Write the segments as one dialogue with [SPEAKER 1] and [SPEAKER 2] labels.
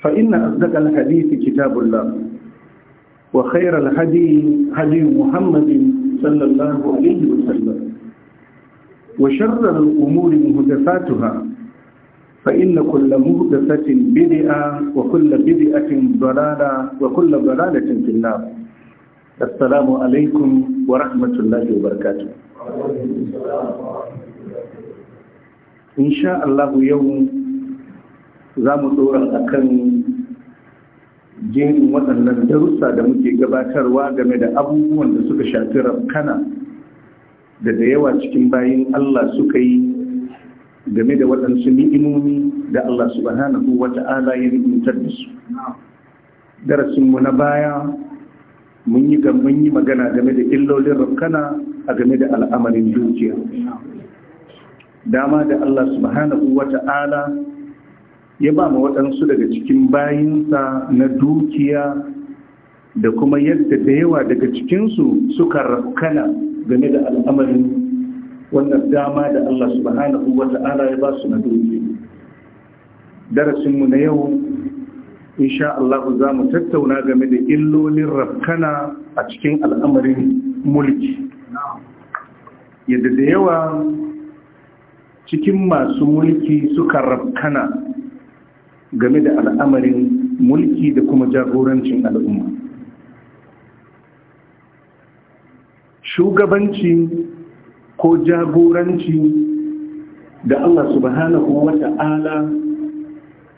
[SPEAKER 1] فإن أصدق الحديث كتاب الله وخير الهدي هدي محمد صلى الله عليه وسلم وشر الأمور مهدفاتها فإن كل مهدفة بدئة وكل بدئة ضلالة وكل ضلالة في النار السلام عليكم ورحمة الله وبركاته إن شاء الله يوم za mu tsoron a kan jerin waɗannan darussa da muke gabatarwa game da abubuwan da suka shafi rafkana da da yawa cikin bayin Allah suka yi game da waɗansu ni'imomi da Allah subhanahu wa ta'ala ya ni'imtar da su. Darasinmu na baya mun yi mun yi magana game da illolin rafkana a game da al'amarin dukiya. Dama da Allah subhanahu wa ta'ala ya ba ma waɗansu daga cikin bayinsa na dukiya da kuma yadda da yawa daga cikinsu suka rakkana game da al'amarin wannan dama da Allah subhanahu wa ta'ala ya ba su na dukiya. Darasinmu na yau, insha Allah za mu tattauna game da illolin rafkana a cikin al'amarin mulki. Yadda da yawa cikin masu mulki suka rafkana game da al'amarin mulki da kuma jagorancin al'umma shugabanci ko jagoranci da Allah subhanahu wa ta'ala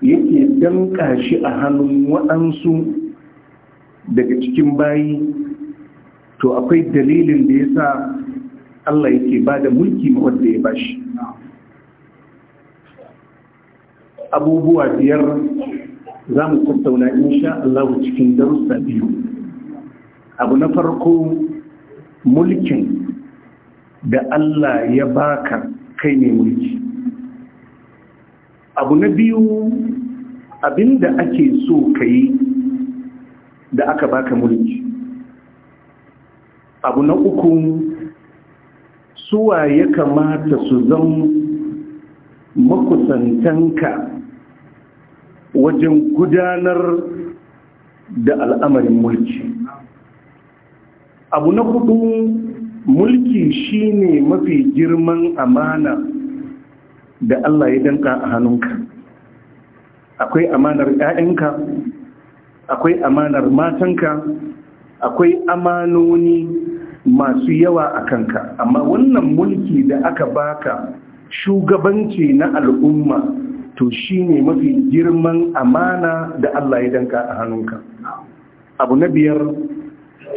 [SPEAKER 1] yake danka shi a hannun waɗansu daga cikin bayi to akwai dalilin da ya sa Allah yake ba da mulki ma wanda ya bashi. shi abubuwa biyar za mu tattauna sha Allah cikin darussa biyu abu na farko mulkin da Allah ya baka kai ne mulki abu na biyu abinda ake so ka yi da aka baka mulki abu na uku suwa ya kamata su zan makusantanka wajen gudanar da al'amarin mulki abu na hudu mulki shine mafi girman amana da Allah ya danka a hannunka akwai amanar 'ya'yanka akwai amanar matanka akwai amanoni masu yawa a kanka amma wannan mulki da aka baka shugabanci na al'umma to shi ne mafi girman amana da Allah ya danka a hannunka abu na biyar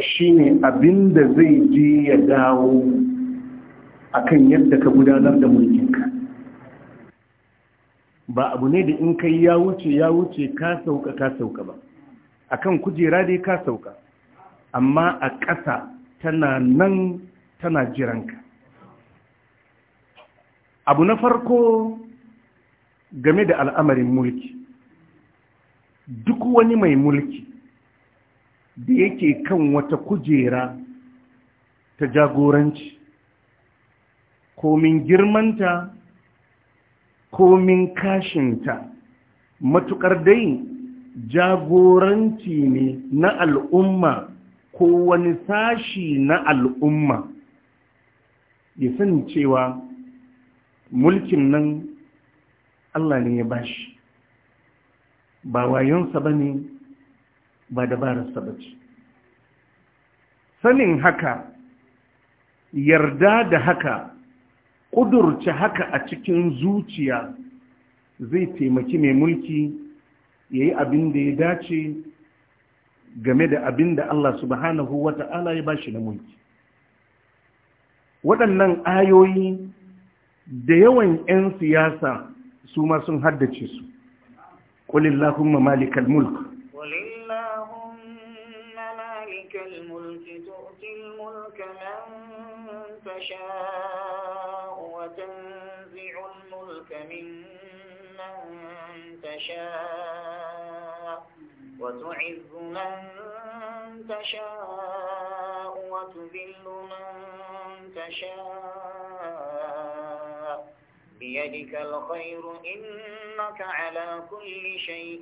[SPEAKER 1] shi shine abinda zai je ya dawo akan yadda ka gudanar da mulkinka ba abu ne da in kai ya wuce ya wuce ka sauka ka sauka ba a kan kujera dai ka sauka amma a ƙasa tana nan tana jiranka abu na farko game da al'amarin mulki duk wani mai mulki da yake kan wata kujera ta jagoranci komin girmanta komin kashinta matukar dai jagoranci ne na al'umma ko wani sashi na al'umma ya sani cewa mulkin nan Allah ne ya bashi ba wayonsa ba ne ba dabararsa ba ce sanin haka yarda da haka ƙudurci haka a cikin zuciya zai taimaki mai mulki ya yi abin da ya dace game da abin da Allah subhanahu wa ta'ala ya bashi na mulki waɗannan ayoyi da yawan 'yan siyasa Suma sun haddace su qulillahumma malikal mulk qulillahumma malikal mulk
[SPEAKER 2] tu'til mulka man tasha'u wa tanzi'ul mulka mimman tasha'u wa tu'izzu man tasha'u wa tudhillu man tasha'u بيدك الخير إنك على كل شيء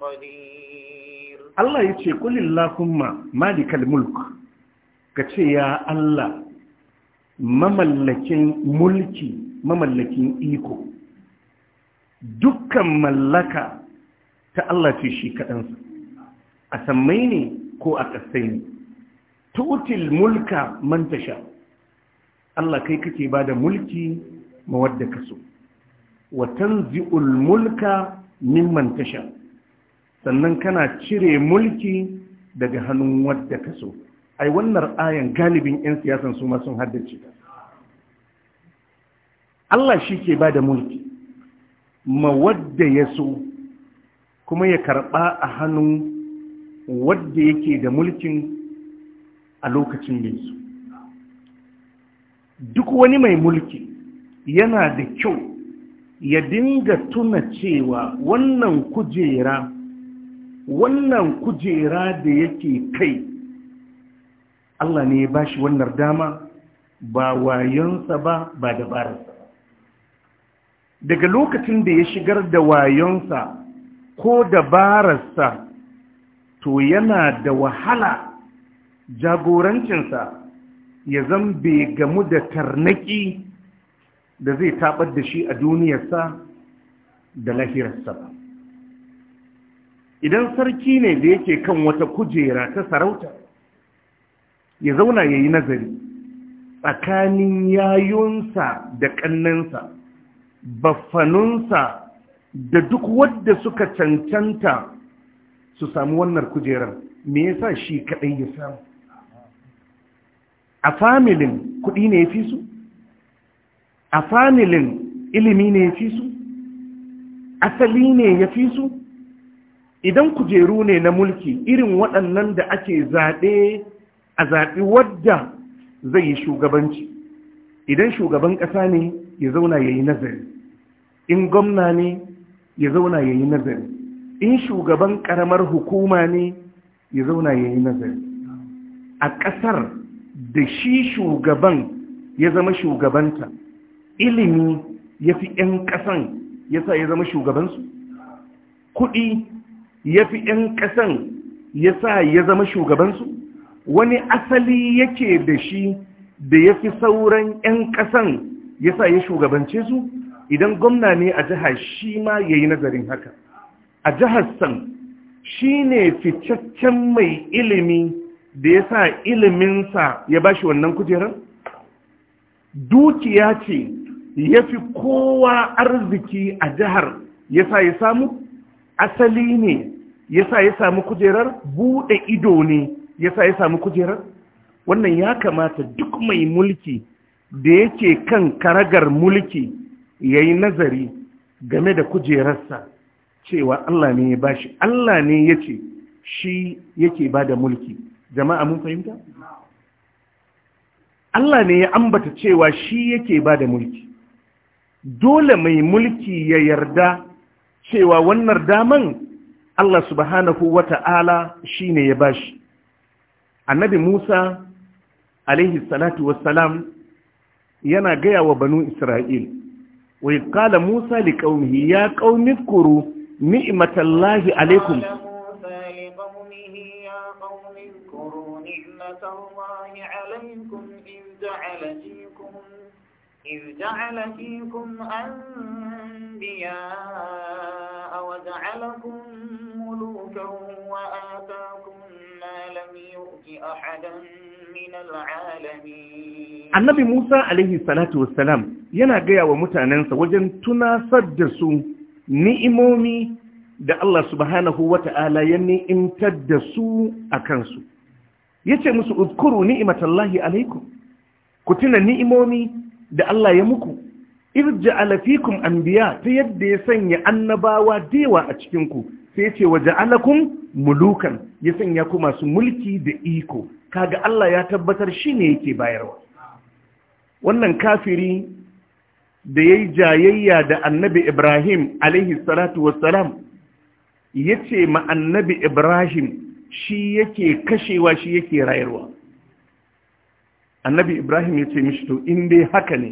[SPEAKER 1] قدير الله يتشي قل اللهم مالك الملك كتشي يا الله مملكين ملكي مملكين إيكو dukkan mallaka ta Allah ce shi kaɗansa a sammai ne ko a ƙasai ne tutil mulka mantasha Allah kai kake ba da mulki Mawadda ka so wa tanzi'ul mulka mimman tasha sannan kana cire mulki daga hannun wadda ka so ai wannan ayan galibin 'yan siyasan su ma sun haddace ta Allah shi ke ba mulki ma wadda ya so kuma ya karɓa a hannun wadda yake da mulkin a lokacin da duk wani mai mulki yana da kyau ya dinga tuna cewa wannan kujera wannan kujera da yake kai Allah ne ya ba shi wannan dama ba wayonsa ba ba dabararsa daga lokacin da ya shigar da wayonsa ko dabararsa to yana da wahala jagorancinsa ya zambe gamu da tarnaki da zai taɓar da shi a duniyarsa da lahirarsa ba idan sarki ne da yake kan wata kujera ta sarauta ya zauna ya yi nazari tsakanin yayunsa da ƙannansa baffanunsa da duk wadda suka cancanta su samu wannan kujerar me yasa shi kaɗai ya samu a familin kuɗi ne ya fi su a familin ilimi ne ya fi su asali ne ya fi su idan kujeru ne na mulki irin waɗannan da ake zaɓe a zaɓi wadda zai yi shugabanci idan shugaban ƙasa ne ya zauna ya yi nazari in gwamna ne ya zauna ya yi nazari in shugaban ƙaramar hukuma ne ya zauna ya yi nazari a ƙasar da shi shugaban ya zama shugabanta ilimi ya fi 'yan ƙasan ya sa ya zama shugabansu kuɗi ya fi 'yan ƙasan ya sa ya zama shugabansu wani asali yake da shi da ya fi sauran 'yan ƙasan ya sa ya shugabance su idan gwamna ne a jiha shi ma ya yi nazarin haka a jihar san shi ne mai ilimi da ya sa iliminsa ya ba shi wannan kujerar dukiya ce ya fi kowa arziki a jihar ya sa ya samu asali ne ya sa ya samu kujerar buɗe ido ne ya sa ya samu kujerar wannan ya kamata duk mai mulki da yake kan karagar mulki ya yi nazari game da kujerarsa cewa Allah ne ya bashi Allah ne ya ce shi yake ba da mulki jama'a mun fahimta? Allah ne ya ambata cewa shi yake ba da mulki dole mai mulki ya yarda cewa wannan daman Allah subhanahu wa ta'ala shi ne ya bashi. Annabi Musa, alaihi salatu wassalam, yana gaya wa banu Isra'il, wai kala Musa li ƙaunihi ya ƙaunin kuru ni'imatallahi alaikum.
[SPEAKER 2] عليكم إذ جعل فيكم إذ جعل فيكم أنبياء وجعلكم ملوكا وآتاكم ما لم يؤت أحدا من العالمين
[SPEAKER 1] النبي موسى عليه الصلاة والسلام yana gaya wa mutanensa wajen tunasar da su ni'imomi da Allah subhanahu wa ta'ala ya ni'imtar da su a kansu. Ya ce musu, "Udkuru ni'imatallahi alaikum, ku tuna ni'imomi da Allah ya muku irja alafikum anbiya ta yadda ya sanya annabawa dewa a cikinku, sai ce alakun mulukan ya sanya ku masu mulki da iko kaga Allah ya tabbatar shi shine yake bayarwa wannan kafiri da yayi jayayya da annabi Ibrahim alaihi salatu wassalam yace ma annabi Ibrahim shi yake kashewa shi yake rayarwa annabi ibrahim ya ce mishi to in dai haka ne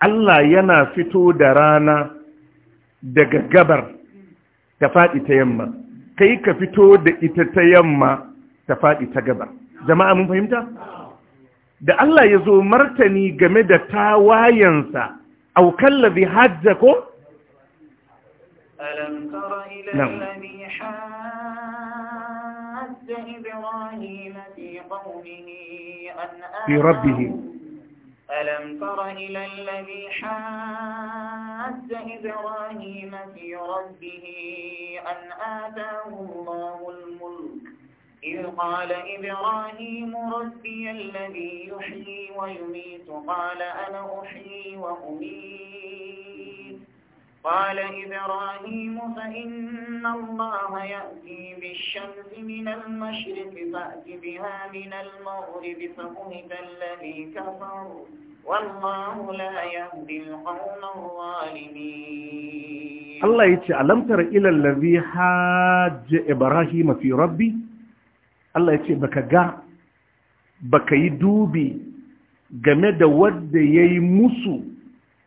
[SPEAKER 1] allah yana fito da rana daga gabar ta faɗi ta yamma kai ka fito da ita ta yamma ta faɗi ta gabar jama'a mun fahimta da allah ya zo martani game da tawayensa aukan labi hajja ko?
[SPEAKER 2] alam إبراهيم في قومه أن في ربه ألم تر إلى الذي حاز إبراهيم في ربه أن آتاه الله الملك إذ قال إبراهيم ربي الذي يحيي ويميت قال أنا أحيي وأميت قال إبراهيم فإن الله يأتي بالشمس من المشرق فأت بها من المغرب فبهت الذي كفر والله لا يهدي القوم الظالمين الله
[SPEAKER 1] يتي ألم تر إلى الذي حاج إبراهيم في ربي الله يتي بك جاء بك يدوبي game da wadda ya yi musu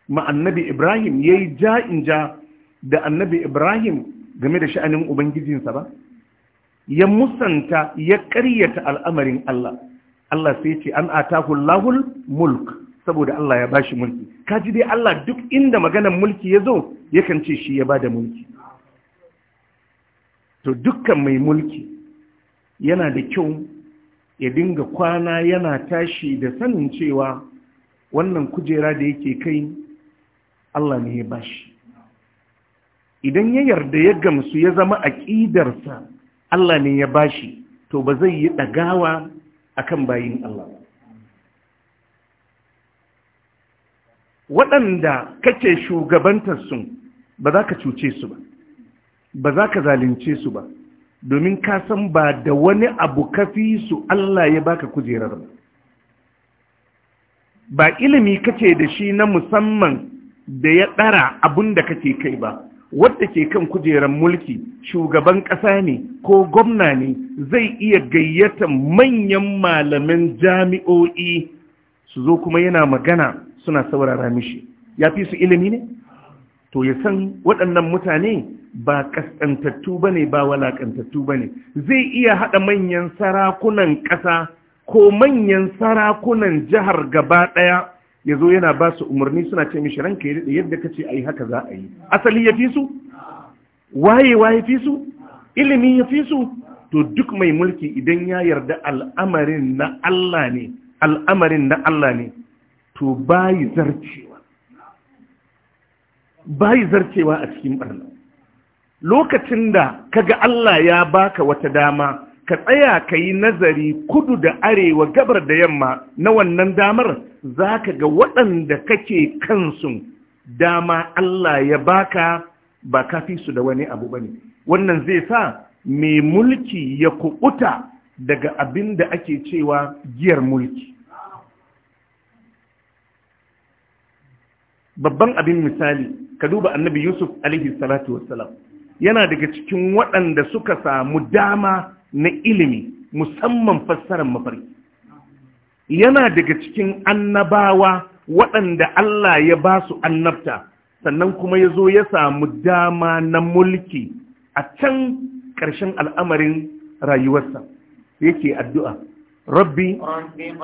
[SPEAKER 1] ma annabi Ibrahim ya yi in ja da annabi Ibrahim game da sha'anin Ubangijinsa ba? Ya musanta ya ƙaryata al'amarin Allah, Allah sai ce an atahul lahul mulk saboda Allah ya bashi mulki. Kaji dai Allah duk inda maganan mulki ya zo yakan ce shi ya ba da mulki. To dukkan mai mulki yana da kyau ya dinga kwana yana tashi da sanin cewa wannan kujera da yake kai Allah ne ya bashi idan ya yarda ya gamsu ya zama aƙidarsa Allah ne ya bashi to ba zai yi ɗagawa akan bayin Allah waɗanda kake shugabantar sun, ba za ka cuce su ba ba za ka zalunce su ba domin ka san ba da wani abu kafi su Allah ya baka kujerar ba ba ilimi kace da shi na musamman da ya ɗara abun da kake kai ba wadda ke kan kujerar mulki shugaban ƙasa ne ko gwamna ne zai iya gayyata manyan malamin jami'o'i su zo kuma yana magana suna saurara mishi ya fi su ilimi ne to ya san waɗannan mutane ba ƙasƙantattu ba ne ba walaƙantattu ba ne zai iya haɗa manyan sarakunan ƙasa ko manyan sarakunan jihar gaba ɗaya ya zo yana ba su umarni suna ce mishi ranka ya yadda ka ce a yi haka za a yi asali ya fi su wayewa ya fi su ilimi ya fi su to duk mai mulki idan ya yarda al'amarin na Allah ne al'amarin na Allah ne to bayi zarcewa bayi zarcewa a cikin barna lokacin da kaga Allah ya baka wata dama ka tsaya ka yi nazari kudu da arewa gabar da yamma na wannan damar za ka ga waɗanda kake kansu dama Allah ya baka ba kafi su da wani abu ba ne wannan zai sa mai mulki ya kuɓuta daga abin da ake cewa giyar mulki babban abin misali ka duba annabi yusuf alaihi salatu wassalam yana daga cikin waɗanda suka samu dama na ilimi musamman fassarar mafarki yana daga cikin annabawa waɗanda Allah ya ba su annabta sannan kuma ya zo ya samu dama na mulki a can ƙarshen al'amarin rayuwarsa yake addu'a rabbi
[SPEAKER 2] rabbi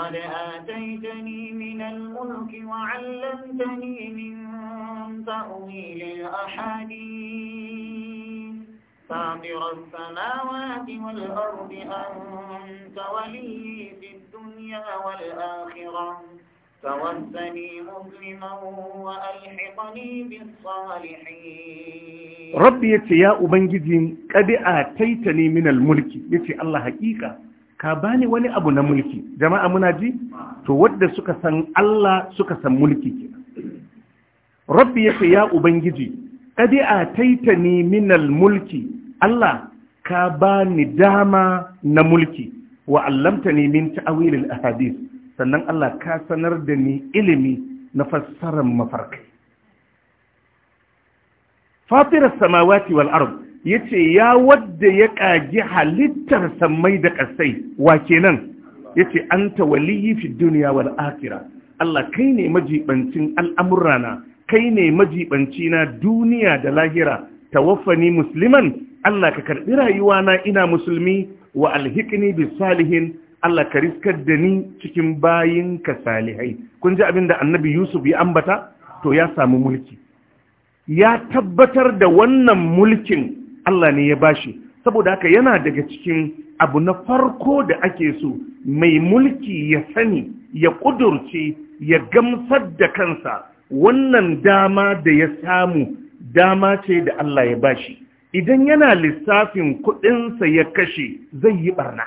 [SPEAKER 2] فاطر السماوات والأرض أنت ولي في الدنيا والآخرة توفني مسلما وألحقني بالصالحين
[SPEAKER 1] ربي يتي يا أبنجدين قد آتيتني من الملك يتي الله حقيقة كاباني ولي wani abu na mulki jama'a muna ji to ملكي suka san Allah suka san mulki kenan rabbi yace ya ubangiji ataitani minal mulki Allah ka ba ni dama na mulki wa allamtani min ta'awilil ahadith sannan Allah ka sanar da ni ilimi na fassarar mafarkai fatirar samawati wal ard yace ya wadda ya kagi halittar sammai da kasai wa kenan yace anta waliyyi fi dunya wal akhirah Allah kai ne majibancin al'amurana kai ne majibanci na duniya da lahira tawaffani musliman Allah ka karɓi rayuwa na ina musulmi wa alhikini bi salihin Allah ka riskar da ni cikin bayin ka salihai kun ji abin da annabi Yusuf ya ambata to ya samu mulki ya tabbatar da wannan mulkin Allah ne ya bashi saboda haka yana daga cikin abu na farko da ake so mai mulki ya sani ya kudurce ya gamsar da kansa wannan dama da ya samu dama ce da Allah ya bashi idan yana lissafin kuɗinsa ya kashe zai yi barna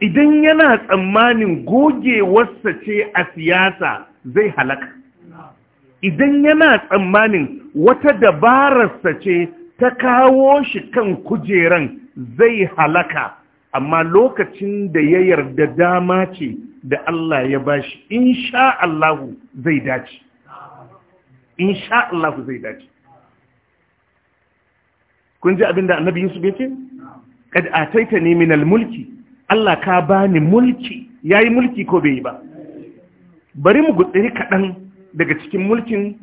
[SPEAKER 1] idan yana tsammanin goge wasa ce a siyasa zai halaka idan yana tsammanin wata dabararsa ce ta kawo shi kan kujeran zai halaka amma lokacin da ya yarda dama ce da Allah ya bashi insha Allahu zai dace insha Allahu zai dace kun ji abinda annabi yusuf ya ce? kad ataita ni minal mulki Allah ka bani mulki yayi mulki ko bai yi ba bari mu gutsiri kaɗan daga cikin mulkin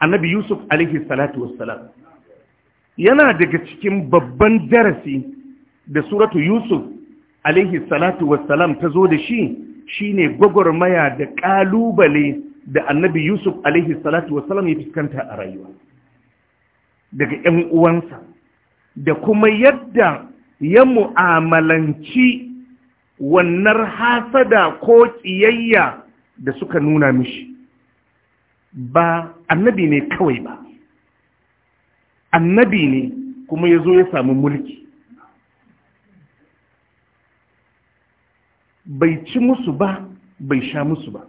[SPEAKER 1] annabi yusuf alaihi salatu wassalam yana daga cikin babban darasi da suratu yusuf alaihi salatu wassalam ta zo da shi shine gwagwarmaya da ƙalubale da annabi yusuf alaihi salatu wassalam ya fuskanta a rayuwa daga 'yan uwansa da kuma yadda ya mu'amalanci wannan hasada ko ƙiyayya da suka nuna mishi ba annabi ne kawai ba annabi ne kuma ya zo ya samu mulki bai ci musu ba bai sha musu ba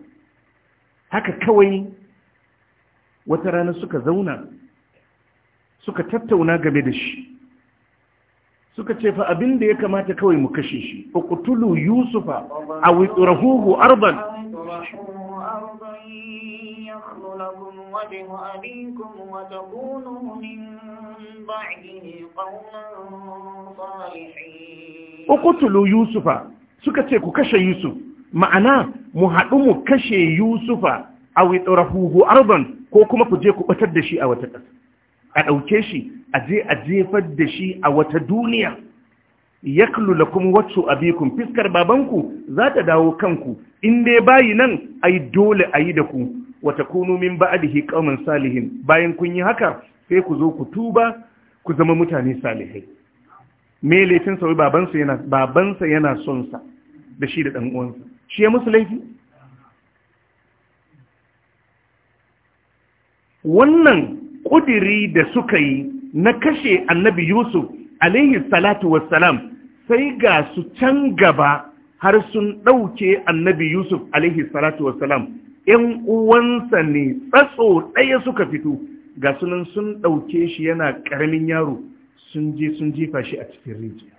[SPEAKER 1] haka kawai wata rana suka zauna suka tattauna game da shi suka ce fa abin da ya kamata kawai mu kashe shi uqtulu yusufa aw itrahuhu ardan uqtulu yusufa suka ce ku kashe yusuf ma'ana mu haɗu mu kashe yusufa aw itrahuhu arban, ko kuma ku je ku batar da shi a wata ƙasa a ɗauke shi a je a jefar da shi a wata duniya yaklu lakum wacce abikum fiskar babanku za ta dawo kanku in dai bayi nan ai dole ayi yi da ku wata kunu min ba'dihi qauman salihin bayan kun yi haka sai ku zo ku tuba ku zama mutane salihai me laifin sa babansa yana babansa yana son da shi da dan uwansa shi ya musu laifi wannan ƙudiri da suka yi na kashe annabi Yusuf alaihi salatu wassalam sai ga su can gaba har sun ɗauke annabi Yusuf alaihi salatu wassalam ‘yan uwansa ne tsatso ɗaya suka fito ga sunan sun ɗauke shi yana ƙaramin yaro sun je sun jefa shi a cikin rijiya.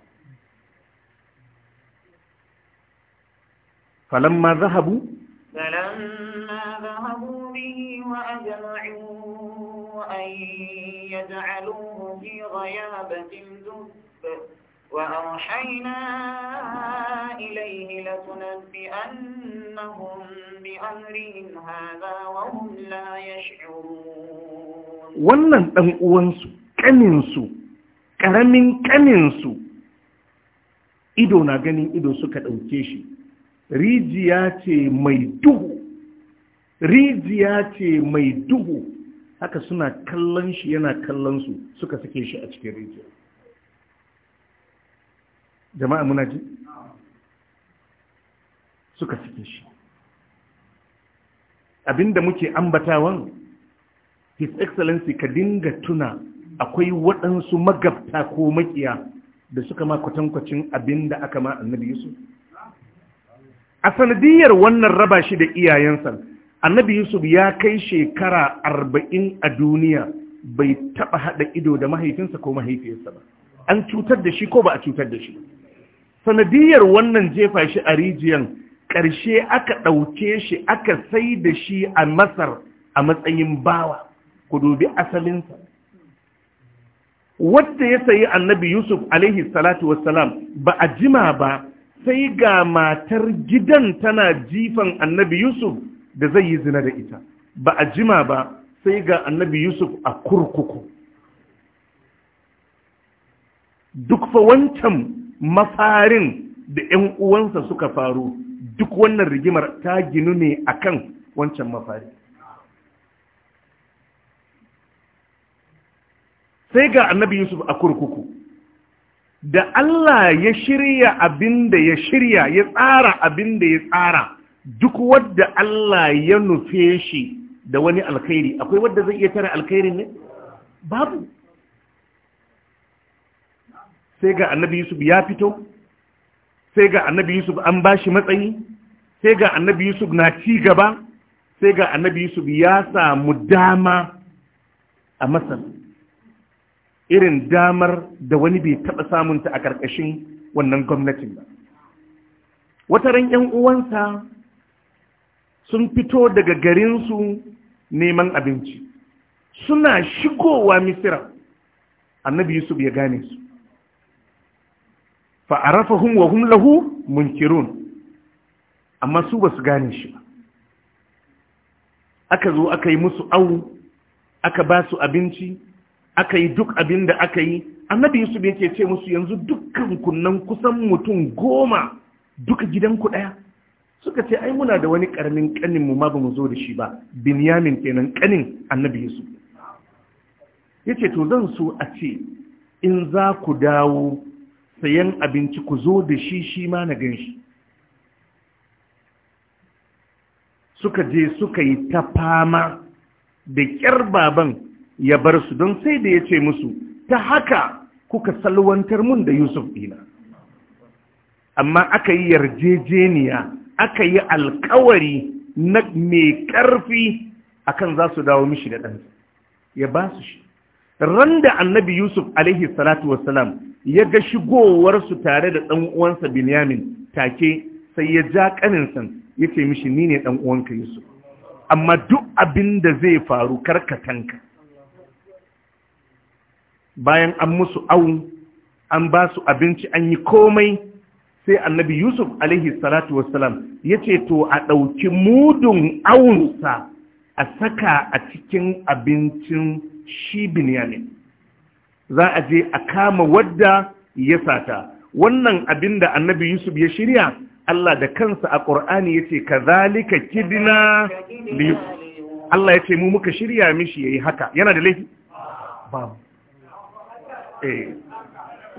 [SPEAKER 1] فلما ذهبوا
[SPEAKER 2] فلما ذهبوا به وأجمعوا أن يجعلوه في غيابة الزب وأوحينا إليه لتنبئنهم بأمرهم هذا وهم لا يشعرون
[SPEAKER 1] ولن أنقوانسو كننسو كرمين كننسو ido na ganin ido suka dauke shi rijiya ce mai haka suna kallon shi yana kallon su suka sake shi a cikin rijiya jama'a muna ji suka sake shi abinda muke ambatawan his excellency ka dinga tuna akwai waɗansu magabta ko makiya da suka ma kwatankwacin abinda aka ma annabi yusuf a sanadiyar wannan raba shi da iyayensa annabi yusuf ya kai shekara arba'in a duniya bai taba haɗa ido da mahaifinsa ko mahaifiyarsa ba an cutar da shi ko ba a cutar da shi sanadiyar wannan jefa shi a rijiyan ƙarshe aka ɗauke shi aka sai da shi a masar a matsayin bawa ku dubi asalinsa wadda ya sayi annabi yusuf alaihi salatu wassalam ba a jima ba sai ga matar gidan tana jifan annabi yusuf da zai yi zina da ita ba a jima ba sai ga annabi yusuf a kurkuku duk fa wancan mafarin da 'yan uwansa suka faru duk wannan rigimar ta ginu ne akan wancan mafari sai ga annabi yusuf a kurkuku da allah ya shirya abin da ya shirya ya tsara abin da ya tsara duk wadda Allah ya nufe shi da wani alkhairi akwai wadda zai iya tara alkhairin ne babu sai ga annabi yusuf ya fito sai ga annabi yusuf an bashi matsayi sai ga annabi yusuf na ci gaba sai ga annabi yusuf ya samu dama a masar irin damar da wani bai taɓa samunta a ƙarƙashin wannan gwamnatin ba wata ran 'yan uwansa sun fito daga garinsu neman abinci suna shigowa misira annabi yusuf ya gane su hun wa hun lahu munkirun amma su ba su gane shi ba aka zo aka yi musu awu, aka ba su abinci aka yi duk abin da aka yi annabi yusuf yake ce musu yanzu dukkan kunnan kusan mutum goma duka gidanku ɗaya suka ce ai muna da wani karamin kanin mu ma ba mu zo da shi ba binyamin kenan kanin annabi yusuf yace to zan so a ce in za ku dawo sayan abinci ku zo da shi shi ma na gan shi suka je suka yi ta fama da kyar baban ya bar su don sai da ya ce musu ta haka kuka salwantar mun da yusuf dina amma aka yi yarjejeniya aka yi alkawari na mai ƙarfi akan za su dawo mishi da ɗansa ya ba su shi ran da annabi yusuf alaihi salatu wassalam ya ga shigowarsu tare da ɗan uwansa binyamin take sai ya ja ƙaninsa ya ce mishi ni ne ɗan uwanka yusuf amma duk abin da zai faru karkatanka bayan an musu awu an ba su abinci an yi komai sai annabi yusuf alaihi salatu salam ya ce to a ɗauki mudun awunsa a saka a cikin abincin shi binyamin za a je a kama wadda ya sata wannan abin da annabi yusuf ya shirya Allah da kansa a ƙur'ani ya ce ka zalika kidina biyu Allah ya ce mu muka shirya mishi ya yi haka yana da laifi? babu eh.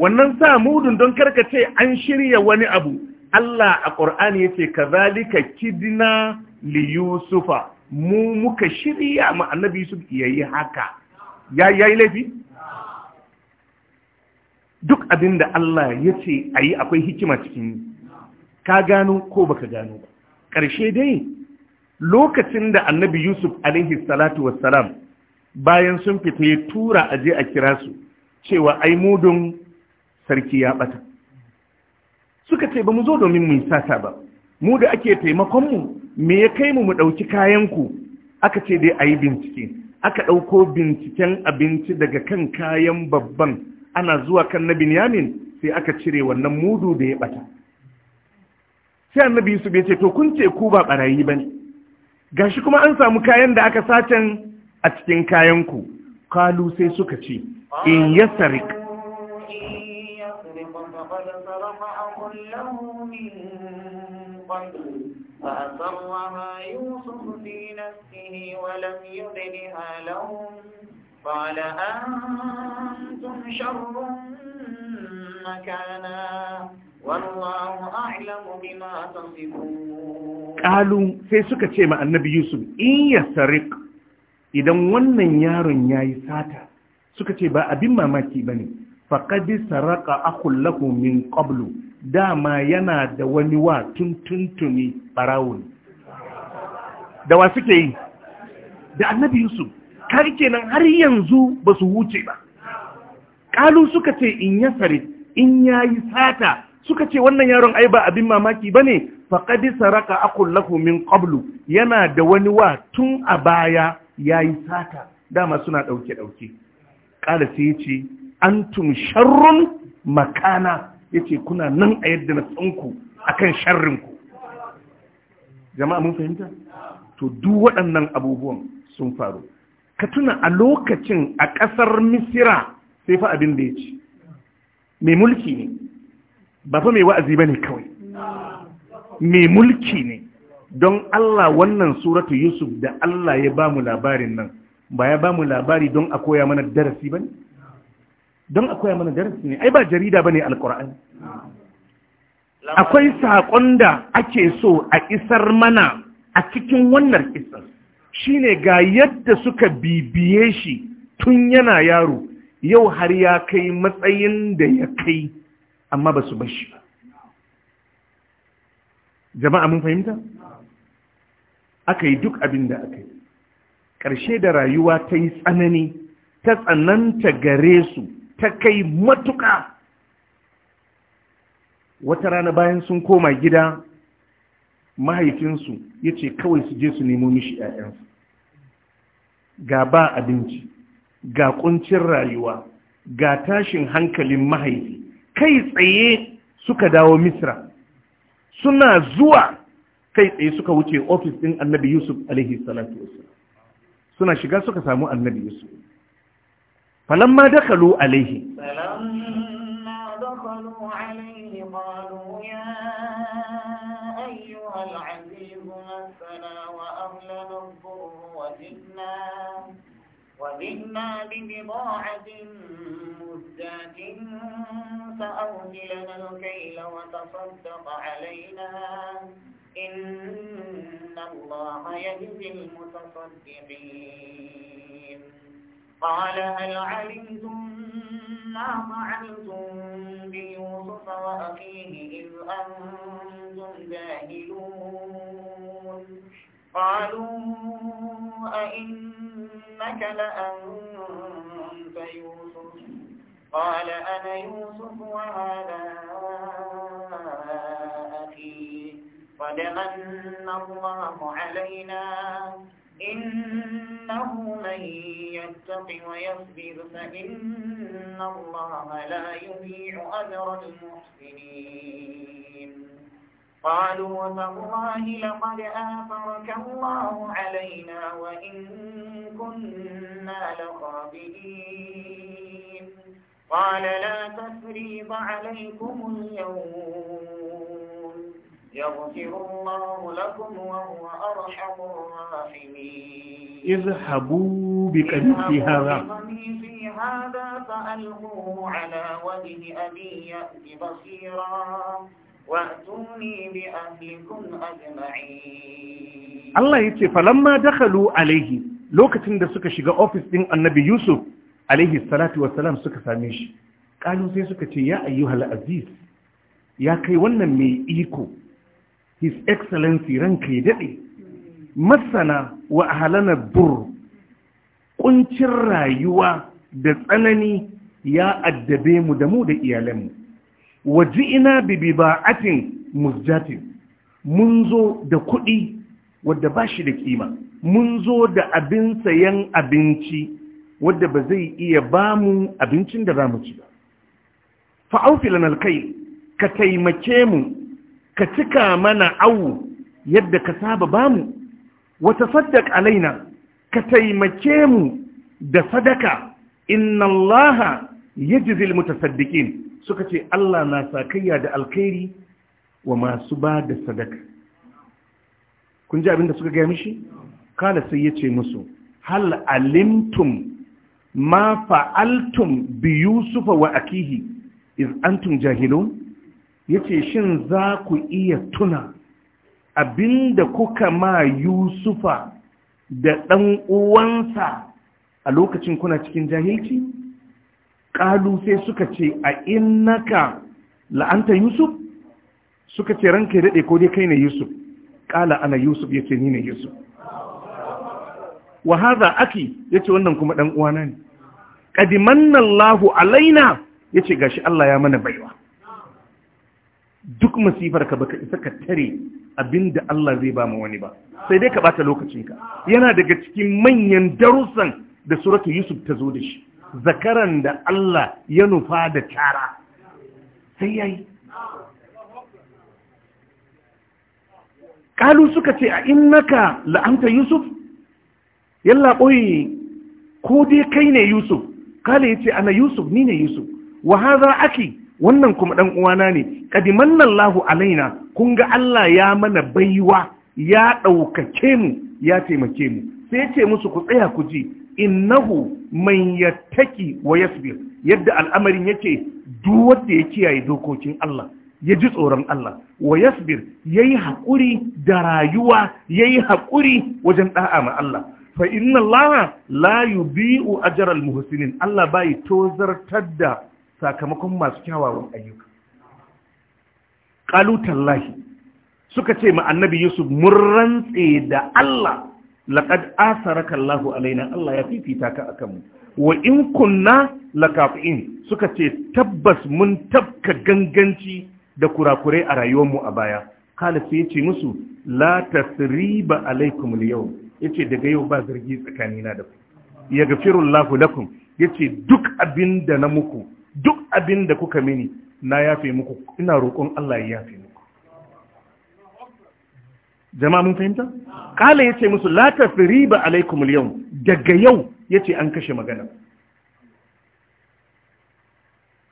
[SPEAKER 1] wannan sa mudun don karkace an shirya wani abu Allah a ƙur'ani yace kazalika ka kidina li yusufa mu muka shirya ma annabi yusuf ya haka ya yi laifi duk abinda Allah yace ayi akwai hikima cikin ka gano ko baka gano ba ƙarshe dai lokacin da annabi yusuf alaihi salatu wassalam bayan sun fita ya tura a je a kira su cewa ai mudun sarki ya bata suka ce ba mu zo domin mu sata ba mu da ake taimakonmu me ya kai mu mu ɗauki kayanku aka ce dai a yi bincike aka ɗauko binciken abinci daga kan kayan babban ana zuwa kan na binyamin sai aka cire wannan mudu da ya bata sai annabi su bai ce to kun ce ku ba barayi ba ne gashi kuma an samu kayan da aka sacen a cikin kayanku kalu sai suka ce in ya sarik
[SPEAKER 2] فقد صرفهم الله من قبل فأصرها يوسف في نفسه ولم يبنها لهم قال أنتم شر مكانا
[SPEAKER 1] Ƙalu sai suka ce ma annabi Yusuf in ya sarik idan wannan yaron ya yi sata suka ce ba abin mamaki ba ne, faƙadi saraka lahu min qablu dama yana da wani wa tuntuntuni ɓarawun da wa suke yi da annabi yusuf kar kenan har yanzu ba su wuce ba ƙalu suka ce in ya sare in ya yi sata suka ce wannan yaron ai ba abin mamaki ba ne faƙadi saraka lahu min qablu yana da wani wa tun a baya ya yi sata dama suna ɗauke-ɗauke ƙala sai ce antum sharrun makana yace kuna nan a yadda na tsanku akan sharrin ku jama'a mun fahimta to duk waɗannan abubuwan sun faru ka tuna a lokacin a ƙasar misira sai fa abin da ya ci mai mulki ne ba fa mai wa'azi ba ne kawai mai mulki ne don Allah wannan suratu Yusuf da Allah ya ba mu labarin nan ba ya ba mu labari don a koya mana darasi ba ne? don akwai mana darasi ne ai ba jarida bane alqur'ani akwai sakon da ake so a isar mana a cikin wannan isar shine ga yadda suka bibiye shi tun yana yaro yau har ya kai matsayin da ya kai amma ba su bashi ba jama'a mun fahimta aka yi duk abin da aka yi ƙarshe da rayuwa ta yi tsanani ta tsananta gare su ta kai matuƙa wata rana bayan sun koma gida mahaifinsu ya ce kawai su je su nemo mishi 'ya'yansu ga ba abinci ga kuncin rayuwa ga tashin hankalin mahaifi kai tsaye suka dawo misra suna zuwa kai tsaye suka wuce ofis ɗin annabi yusuf alaihi salatu suna shiga suka samu annabi yusuf فلما دخلوا عليه
[SPEAKER 2] فلما دخلوا عليه قالوا يا أيها العزيز مسنا وأهلنا الضر وجئنا وجئنا ببضاعة مزجاة فأوت الكيل وتصدق علينا إن الله يجزي المتصدقين قال هل علمتم ما فعلتم بيوسف وأخيه إذ أنتم جاهلون قالوا أئنك لأنت يوسف قال أنا يوسف وهذا أخي قد من الله علينا إنه من يتق ويصبر فإن الله لا يضيع أجر المحسنين قالوا تالله لقد آثرك الله علينا وإن كنا لخاطئين قال لا تفريض عليكم اليوم يغفر الله لكم وهو أرحم الراحمين
[SPEAKER 1] اذهبوا بقميصي هذا
[SPEAKER 2] بقميصي هذا فألقوه على وجه أبي يأت بصيرا وأتوني بأهلكم أجمعين
[SPEAKER 1] الله يتي فلما دخلوا عليه lokacin da suka shiga ofis ɗin annabi Yusuf alaihi salatu wassalam suka same shi ƙalin sai suka ce ya ayyuhal aziz ya kai wannan mai iko his excellency ranka ya daɗe masana wa ahalana bur kuncin rayuwa da tsanani ya addabe mu da mu da iyalanmu waji ina bibi atin musjatin mun zo da kuɗi wadda ba shi da kima mun zo da abin sayan abinci wadda ba zai iya ba mu abincin da za mu ci ba fa'aufilan alkai ka taimake mu ka cika mana awu yadda ka saba bamu wata saddak alaina ka taimake mu da sadaka inna allaha ta saddikin suka ce Allah na sakayya da alkhairi wa masu ba da sadaka kun ji da suka gaya mishi kala sai yace musu hal alimtum ma fa'altum bi yusufa wa akihi iz antum jahilun yace shin za ku iya tuna abinda kuka ma yusufa da ɗan uwansa a lokacin kuna cikin jahilci ƙalu sai suka ce a innaka la'anta yusuf suka ce ranka ya daɗe ko dai kai na yusuf ƙala ana yusuf ya ce ni ne yusuf wa aki yace wannan kuma ɗan uwana ne ƙadimannan lahu alaina Yace gashi Allah ya mana baiwa duk masifar ka baka isa ka tare abinda Allah zai ba mu wani ba sai dai ka bata lokacinka yana daga cikin manyan darussan da suratu Yusuf ta zo da shi zakaran da Allah ya nufa da tara sai yayi kalu suka ce a innaka la'anta Yusuf yalla koyi ko dai kai ne Yusuf kale yace ana Yusuf ni ne Yusuf wa hadha aki wannan kuma dan uwana ne qadimanna Allahu alaina kun ga Allah ya mana baiwa ya ɗaukake mu ya taimake mu sai ce musu ku tsaya ku ji innahu man yattaki wa yasbir yadda al'amarin yake duk wanda ya kiyaye dokokin Allah ya ji tsoron Allah wa yasbir yayi haƙuri da rayuwa yayi haƙuri wajen ɗa'a ma Allah fa inna Allah la yubi'u ajral muhsinin Allah bai tozartar da sakamakon masu kyawawan ayyuka Ƙalutan lahi suka ce ma annabi yusuf mun rantse da Allah laqad asaraka Allahu alaina Allah ya fifita ka a kanmu. wa in kunna laƙafi'in suka ce tabbas mun tabka ganganci da kurakurai a rayuwarmu a baya kala sai ce musu la tasriba alaikum liyau ya ce daga yau ba zargi tsakanina da ku ya gafirun Allahu lakum ce duk abinda na muku duk abin da kuka mini na yafe muku ina roƙon Allah ya yafe muku jama'a mun fahimta kala yace musu la tafriba alaikum al daga yau yace an kashe magana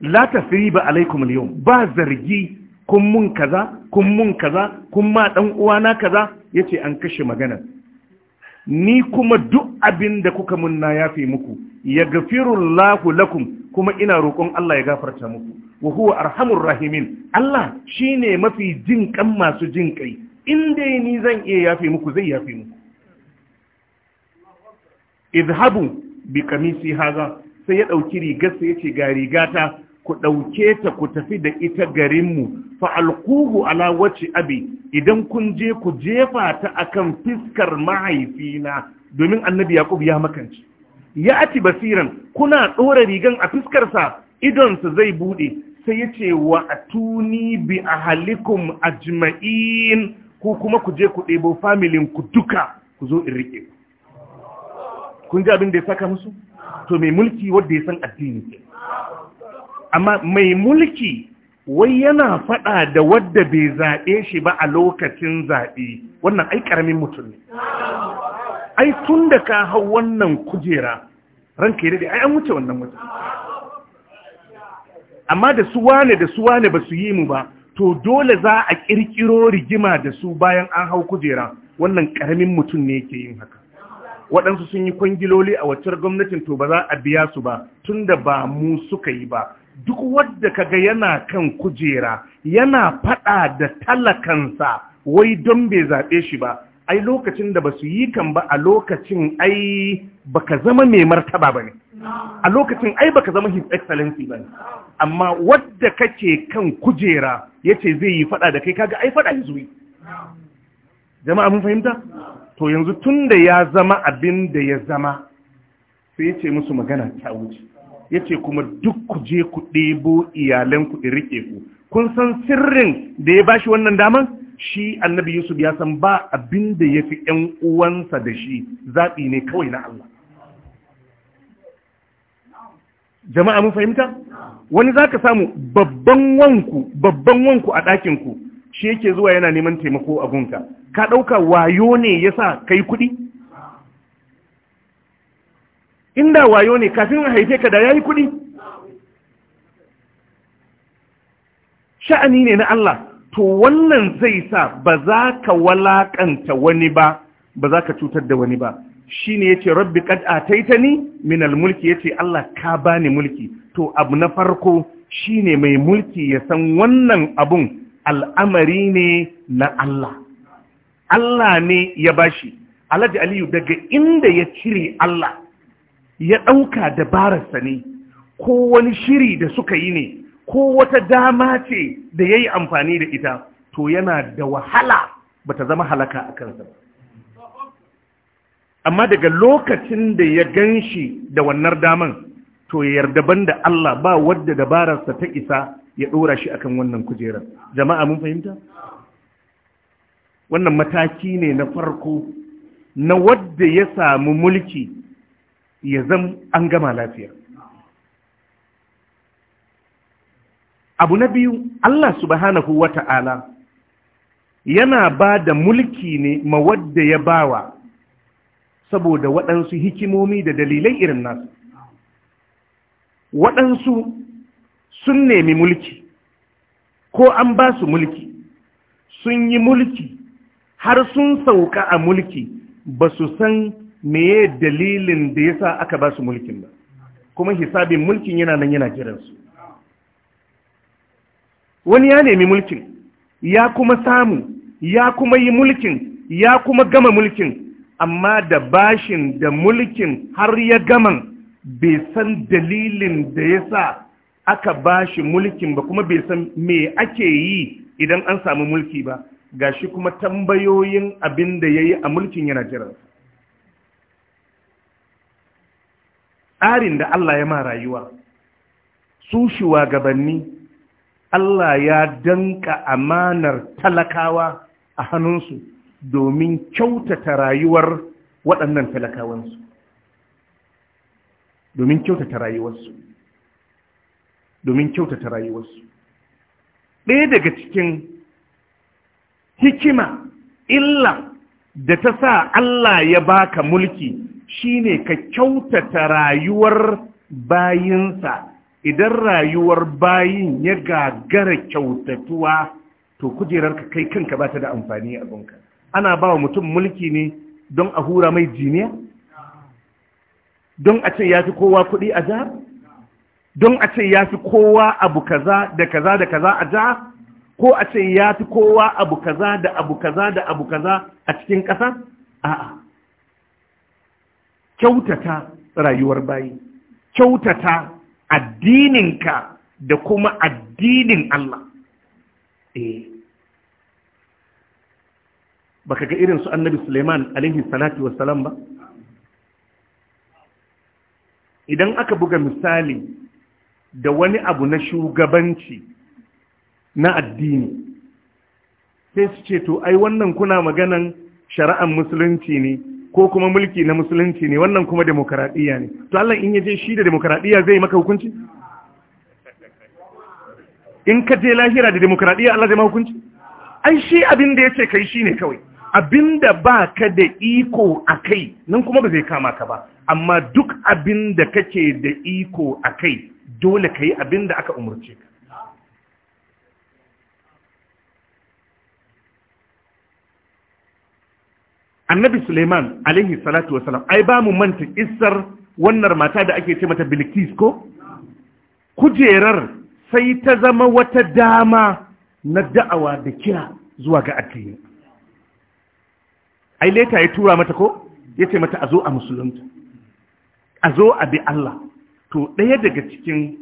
[SPEAKER 1] la tafriba alaikum al ba zargi kun mun kaza kun mun kaza kun ma dan uwana kaza yace an kashe magana ni kuma duk abin da kuka mun na yafe muku gafirullahu lakum kuma ina roƙon Allah ya gafarta muku wa huwa arhamur rahimin Allah shine mafi jin kan masu jin kai in dai ni zan iya yafe muku zai yafe muku idhabu bi kamisi haza sai ya ɗauki rigar ya yace ga rigata ku ɗauke ta ku tafi da ita garinmu fa'alkuhu ala alawaci abi idan kun je ku jefa ta akan fiskar mahaifina domin annabi yaƙub ya makanci ya ati basiran kuna ɗora rigan a fiskarsa idonsa zai buɗe sai ya ce wa atuni bi a a ajma'in ko kuma ku je ku ɗebo familin ku duka ku zo in riƙe kun ji abin da ya saka musu to mai mulki wanda ya san addini amma mai mulki wai yana faɗa da wadda bai zaɓe shi ba a lokacin zaɓe wannan ai ƙaramin mutum ne ai tun da ka hau wannan kujera ranka yi daɗe ai an wuce wannan wata amma da su wane da su wane ba su yi mu ba to dole za a ƙirƙiro rigima da su bayan an hau kujera wannan ƙaramin mutum ne ke yin haka waɗansu sun yi kwangiloli a wacce gwamnatin to ba za a biya su ba tun da ba mu suka yi ba duk wadda ga yana kan kujera yana faɗa da talakansa wai don bai zaɓe shi ba ai lokacin da ba su yi kan ba a lokacin ai baka zama mai martaba ba ne a lokacin ai baka zama his excellency ba ne amma wadda kake kan kujera ya ce zai yi fada da kai kaga ai fada ya zuwi jama'a mun fahimta to yanzu tun da ya zama abin da ya zama sai ce musu magana ta wuce ya ce kuma duk ku je ku ɗebo iyalan ku riƙe ku kun san sirrin da ya bashi wannan daman shi annabi yusuf ya san ba abin da ya fi ‘yan uwansa da shi zaɓi ne kawai na Allah jama'a mun fahimta wani za ka samu babban wanku babban wanku a ɗakinku shi yake zuwa yana neman taimako a gunka ka ɗauka wayo ne ya sa ka yi kuɗi inda wayo ne kafin a haife ka da ya yi kuɗi sha'ani ne na Allah to wannan zai sa ba za ka walakanta wani ba ba za ka cutar da wani ba shi ne ya ce rabbi kad'a a taitani min almulki ya ce Allah ka bani mulki to abu na farko shi ne mai mulki ya san wannan abun al'amari ne na Allah Allah ne ya bashi Alhaji Aliyu daga inda ya cire Allah ya ɗauka dabararsa ne ko wani shiri da suka yi ne ko wata dama ce da ya yi amfani da ita to yana da wahala ba ta zama halaka a kansa amma daga lokacin da ya gan shi da wannan daman to ya yarda banda Allah ba wadda dabararsa ta isa ya ɗora shi akan wannan kujerar jama'a mun fahimta wannan mataki ne na farko na wadda ya samu mulki ya zama an gama lafiya abu na biyu Allah subhanahu wa ta'ala yana ba da mulki ne ma wadda ya bawa saboda waɗansu hikimomi da dalilai irin nasu waɗansu sun nemi mulki ko an ba su mulki sun yi mulki har sun sauka a mulki ba su san meye dalilin da ya aka ba su mulkin ba kuma hisabin mulkin yana nan yana kiransu wani ya nemi mulkin ya kuma samu ya kuma yi mulkin ya kuma gama mulkin amma da bashin da mulkin har ya gaman bai san dalilin da ya sa aka bashi mulkin ba kuma bai san me ake yi idan an samu mulki ba Ga shi kuma tambayoyin abin da ya yi a mulkin yana jiransa tsarin da Allah ya ma rayuwa su gabanni. Allah ya danka amanar talakawa a hannunsu domin kyautata rayuwar waɗannan talakawansu domin kyautata rayuwarsu domin kyautata rayuwarsu ɗaya daga cikin hikima illa da ta sa Allah ya baka mulki shine ka kyautata rayuwar bayinsa idan rayuwar bayin ya gagara kyautatuwa to kujerar ka kai kanka ba ta da amfani a gunka ana ba wa mutum mulki ne don a hura mai jiniya don a ce ya fi kowa kuɗi a jihar don a ce ya fi kowa abu kaza da kaza da kaza a jihar ko a ce ya fi kowa abu kaza da abu kaza da abu kaza a cikin ƙasa a'a kyautata rayuwar bayi kyautata addininka da kuma addinin Allah eh baka ga irin su annabi Suleiman alaihi salatu wassalam ba idan aka buga misali da wani abu na shugabanci na addini sai su ce to ai wannan kuna maganan shari'ar musulunci ne ko kuma mulki na musulunci ne wannan kuma demokaradiyya ne to Allah in yaje shi da demokaradiyya zai maka hukunci in ka je lahira da demokaradiyya Allah zai maka hukunci ai shi abin da yace kai shine kawai abinda ba ka da iko akai nan kuma ba zai kama ka ba amma duk abin da kake da iko akai dole ka yi abin da aka umurce ka annabi suleiman alaihi salatu wasalam ai ba mu manta isar wannan mata da ake ce mata bilkis ko kujerar sai ta zama wata dama na da'awa da kira zuwa ga addini ai leta ya tura mata ko ya mata a zo a musulunta a zo a bi Allah to ɗaya daga cikin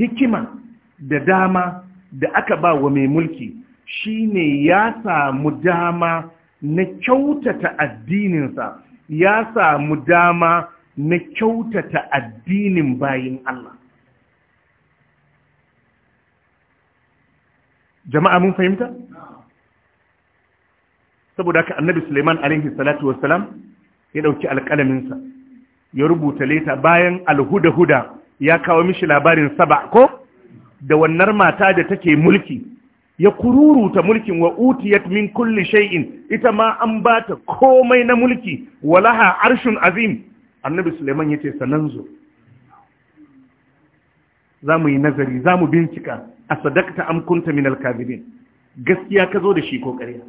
[SPEAKER 1] hikima da dama da aka ba wa mai mulki shine ya samu dama na kyautata addininsa ya samu dama na kyautata addinin bayin Allah jama'a mun fahimta saboda haka annabi Suleiman alaihi salatu Salam ya ɗauki alƙalaminsa ya rubuta leta bayan alhuda-huda ya kawo mishi labarin saba ko da wannan mata da take mulki ya kururuta mulkin wa utiyat min kulli shay'in ita ma an bata komai na mulki walaha arshun azim annabi suleiman yace zo zamu yi nazari zamu bincika a sadakta am kunta min alkazibin gaskiya ka zo da shi ko ƙarya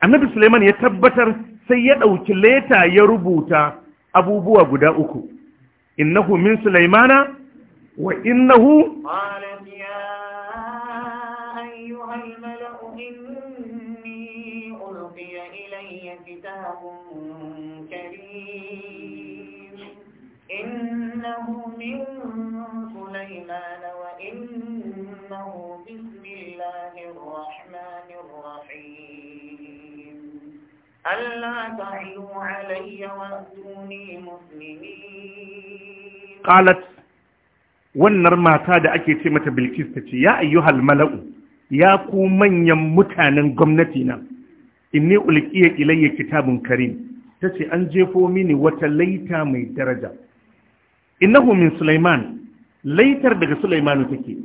[SPEAKER 1] annabi suleiman ya tabbatar sai ya ɗauki leta ya rubuta abubuwa guda uku innahu min suleimana wa innahu
[SPEAKER 2] الملأ إني ألقي إلي كتاب كريم إنه من سليمان وإنه بسم الله الرحمن الرحيم ألا تعلوا علي وأتوني مسلمين قالت
[SPEAKER 1] wannan mata da ake ce mata bilkis ta ce ya ayyuhal mala'u ya ku manyan mutanen gwamnati na inni ulqiya ilayya kitabun karim tace an jefo mini wata laita mai daraja innahu min sulaiman laitar daga sulaimanu take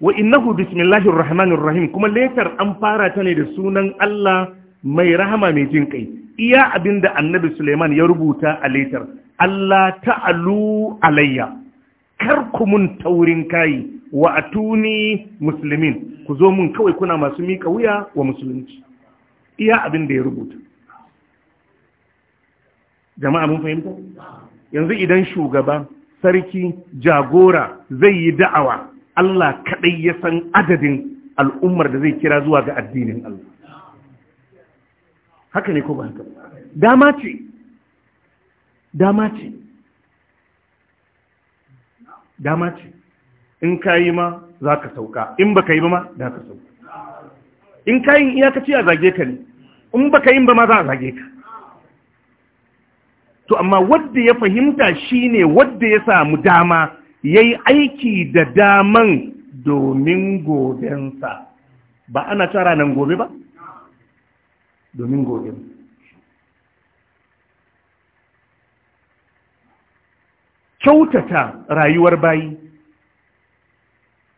[SPEAKER 1] wa innahu bismillahir rahmanir rahim kuma laitar an fara ta ne da sunan Allah mai rahama mai jin kai iya abinda annabi sulaiman ya rubuta a laitar Allah ta'alu alayya kar ku mun taurin kai wa atuni muslimin ku zo mun kawai kuna masu mika wuya wa musulunci iya abin da ya rubuta jama'a mun fahimta yanzu idan shugaba sarki jagora zai yi da'awa Allah kaɗai ya san adadin al'ummar da zai kira zuwa ga addinin Allah haka ne ko ba haka dama ce dama ce dama ce in ka yi ma za ka sauka in ba ka yi ba ma za ka sauka in ka yi iyakaci a zage ka ne in ba ka yi ba ma za a zage ka to amma wadda ya fahimta shine wadda ya samu dama ya yi aiki da daman domin gobensa ba ana tara nan gobe ba domin gobensa kyautata rayuwar bayi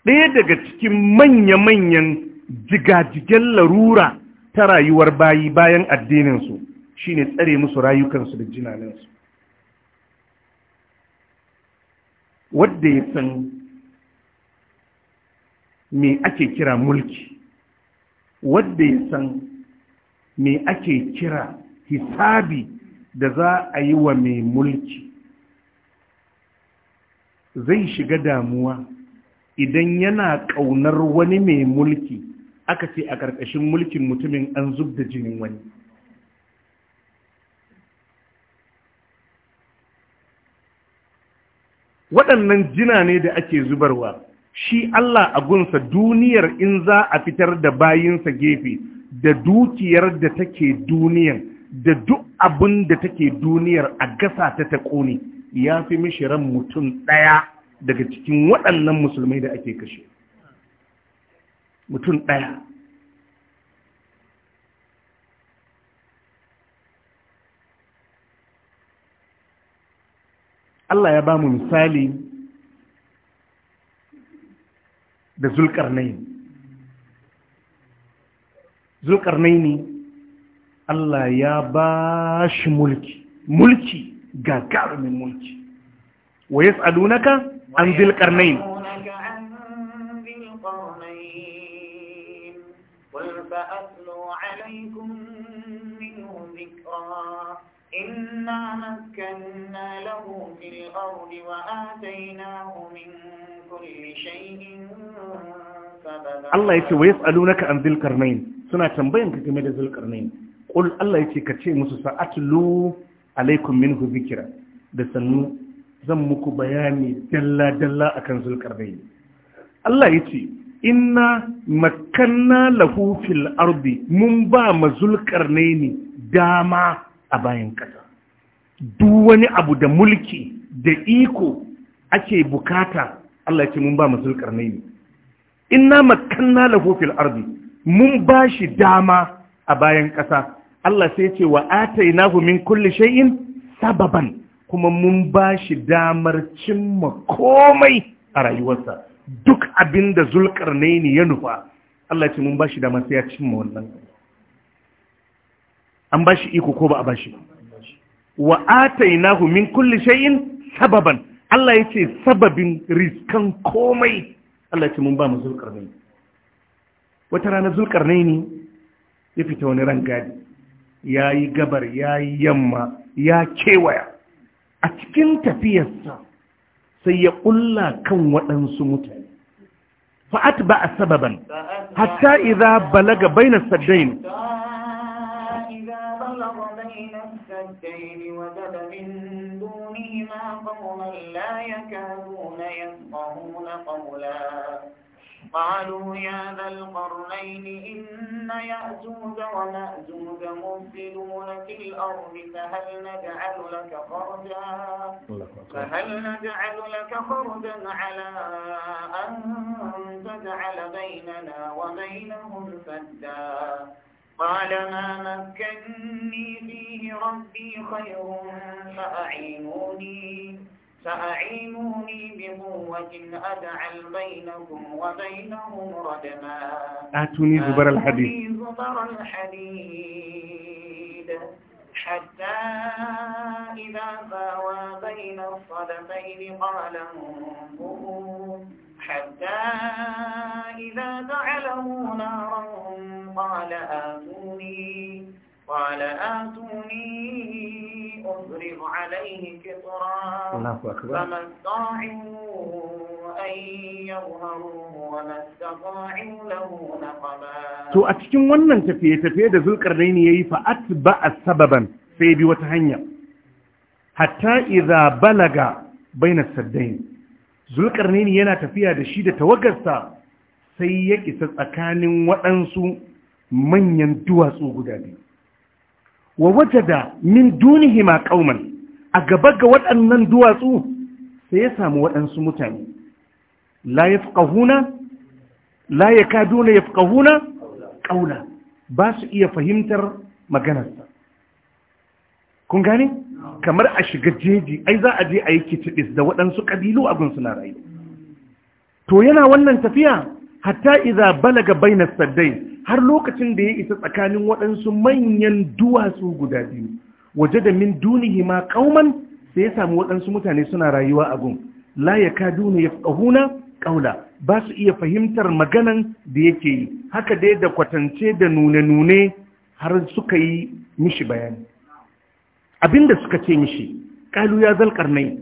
[SPEAKER 1] ɗaya daga cikin manya-manyan jigajigen larura ta rayuwar bayi bayan addininsu shine tsare musu rayukansu da jinaninsu wadda ya san me ake kira mulki wadda ya san me ake kira hisabi da za a yi wa mai mulki zai shiga damuwa idan yana ƙaunar wani mai mulki aka ce a ƙarƙashin mulkin mutumin an zub da jinin wani waɗannan jina ne da ake zubarwa shi Allah a gunsa duniyar in za a fitar da bayinsa gefe da dukiyar da take duniyar da duk abin da take duniyar a gasa ta ta ƙone ya fi mishi mutum ɗaya daga cikin waɗannan musulmai da ake kashe mutum ɗaya Allah ya ba mu misali da zulƙar zulƙarnaini naini Allah ya ba shi mulki mulki gagarumin mulki wa yas'alunaka عن ذي القرنين
[SPEAKER 2] قل فأتلو عليكم منه ذكرا إنا مكنا له في الأرض وآتيناه من كل شيء Allah ya ce wa
[SPEAKER 1] yas'alunaka an dhil qarnayn suna tambayan ka game da dhil qarnayn qul Allah ya ce ka ce musu alaikun alaikum minhu dhikra da sannu zan muku bayani dalla-dalla a kan zulƙarnai Allah ya ce inna makanna lahu fil mun ba ma zulƙarnai ne dama a bayan kasa. duk wani abu da mulki da iko ake bukata Allah ya ce mun ba ma zulƙarnai ne inna makanna lahu fil mun ba shi dama a bayan ƙasa Allah sai ce wa atainahu min kulli shay'in sababan kuma mun ba shi damar cimma komai a rayuwarsa duk abin da zulkar ne ya nufa Allah ce mun ba shi damar sai ya cimma wannan an ba shi iko ko ba a ba shi ba wa atainahu min kulli shay'in sababan Allah yace sababin riskan komai Allah ce mun ba mu zulkar ne wata rana zulkar ne ya fita wani rangadi yayi gabar yayi yamma ya kewaya a cikin tafiyarsa sai ya kulla kan waɗansu mutane fa'at ba a sababan
[SPEAKER 2] hatta iza balaga bainar saddain قالوا يا ذا القرنين إن يأجوج ومأجوج مفسدون في الأرض فهل نجعل لك خرجا فهل نجعل لك خرجا على أن تجعل بيننا وبينهم سدا قال ما مكني فيه ربي خير فأعينوني فأعينوني بقوة أجعل بينكم وبينهم ردما آتوني زبر الحديد آتوني زبر الحديد حتى إذا ساوى بين الصدفين قال انظروا حتى إذا جعله نارا قال آتوني قال آتوني أضرب عليه كطرا فما استطاعوا أن يظهروا وما استطاعوا له نقبا
[SPEAKER 1] to a cikin wannan tafiye-tafiye da zulkarnaini ya yi fa’at ba sababan sai bi wata hanya hatta iza balaga bainar saddain zulkarnaini yana tafiya da shi da tawagarsa sai ya isa tsakanin waɗansu manyan duwatsu guda biyu wa wajada min ma kauman a gaba ga waɗannan duwatsu sai ya samu waɗansu mutane la yafqahuna la yakaduna yafqahuna ƙauna, ba su iya fahimtar maganarsa kun gane kamar a shiga jeji ai za a je a yi kitidis da waɗansu ƙabilu a gunsu rayu to yana wannan tafiya hatta iza balaga Bainar saddai har lokacin da ya isa tsakanin waɗansu manyan duwatsu guda biyu waje da min dunihi ma kauman sai ya samu waɗansu mutane suna rayuwa a gun la ya ka duni ya ƙahuna ƙaula ba su iya fahimtar maganan da yake yi haka dai da kwatance da nune-nune har suka yi mishi bayani abinda suka ce mishi ƙalu ya zalƙar nai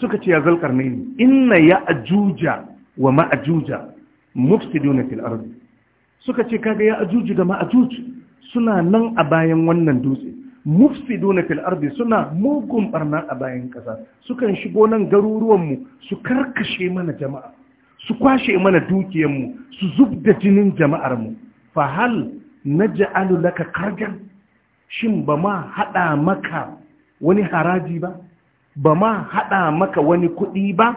[SPEAKER 1] suka ce ya zalƙar nai inna ya ajuja wa ma'ajuja mufsiduna fil ardi suka ce kaga ya ajuju da ma'ajuju suna nan a bayan wannan dutse mufsiduna fil ardi suna mugun barna a bayan ƙasa. sukan shigo nan garuruwanmu su karkashe mana jama'a su kwashe mana dukiyanmu su zub da jinin jama'armu fa hal naj'alu laka karjan shin ba ma hada maka wani haraji ba ba ma hada maka wani kuɗi ba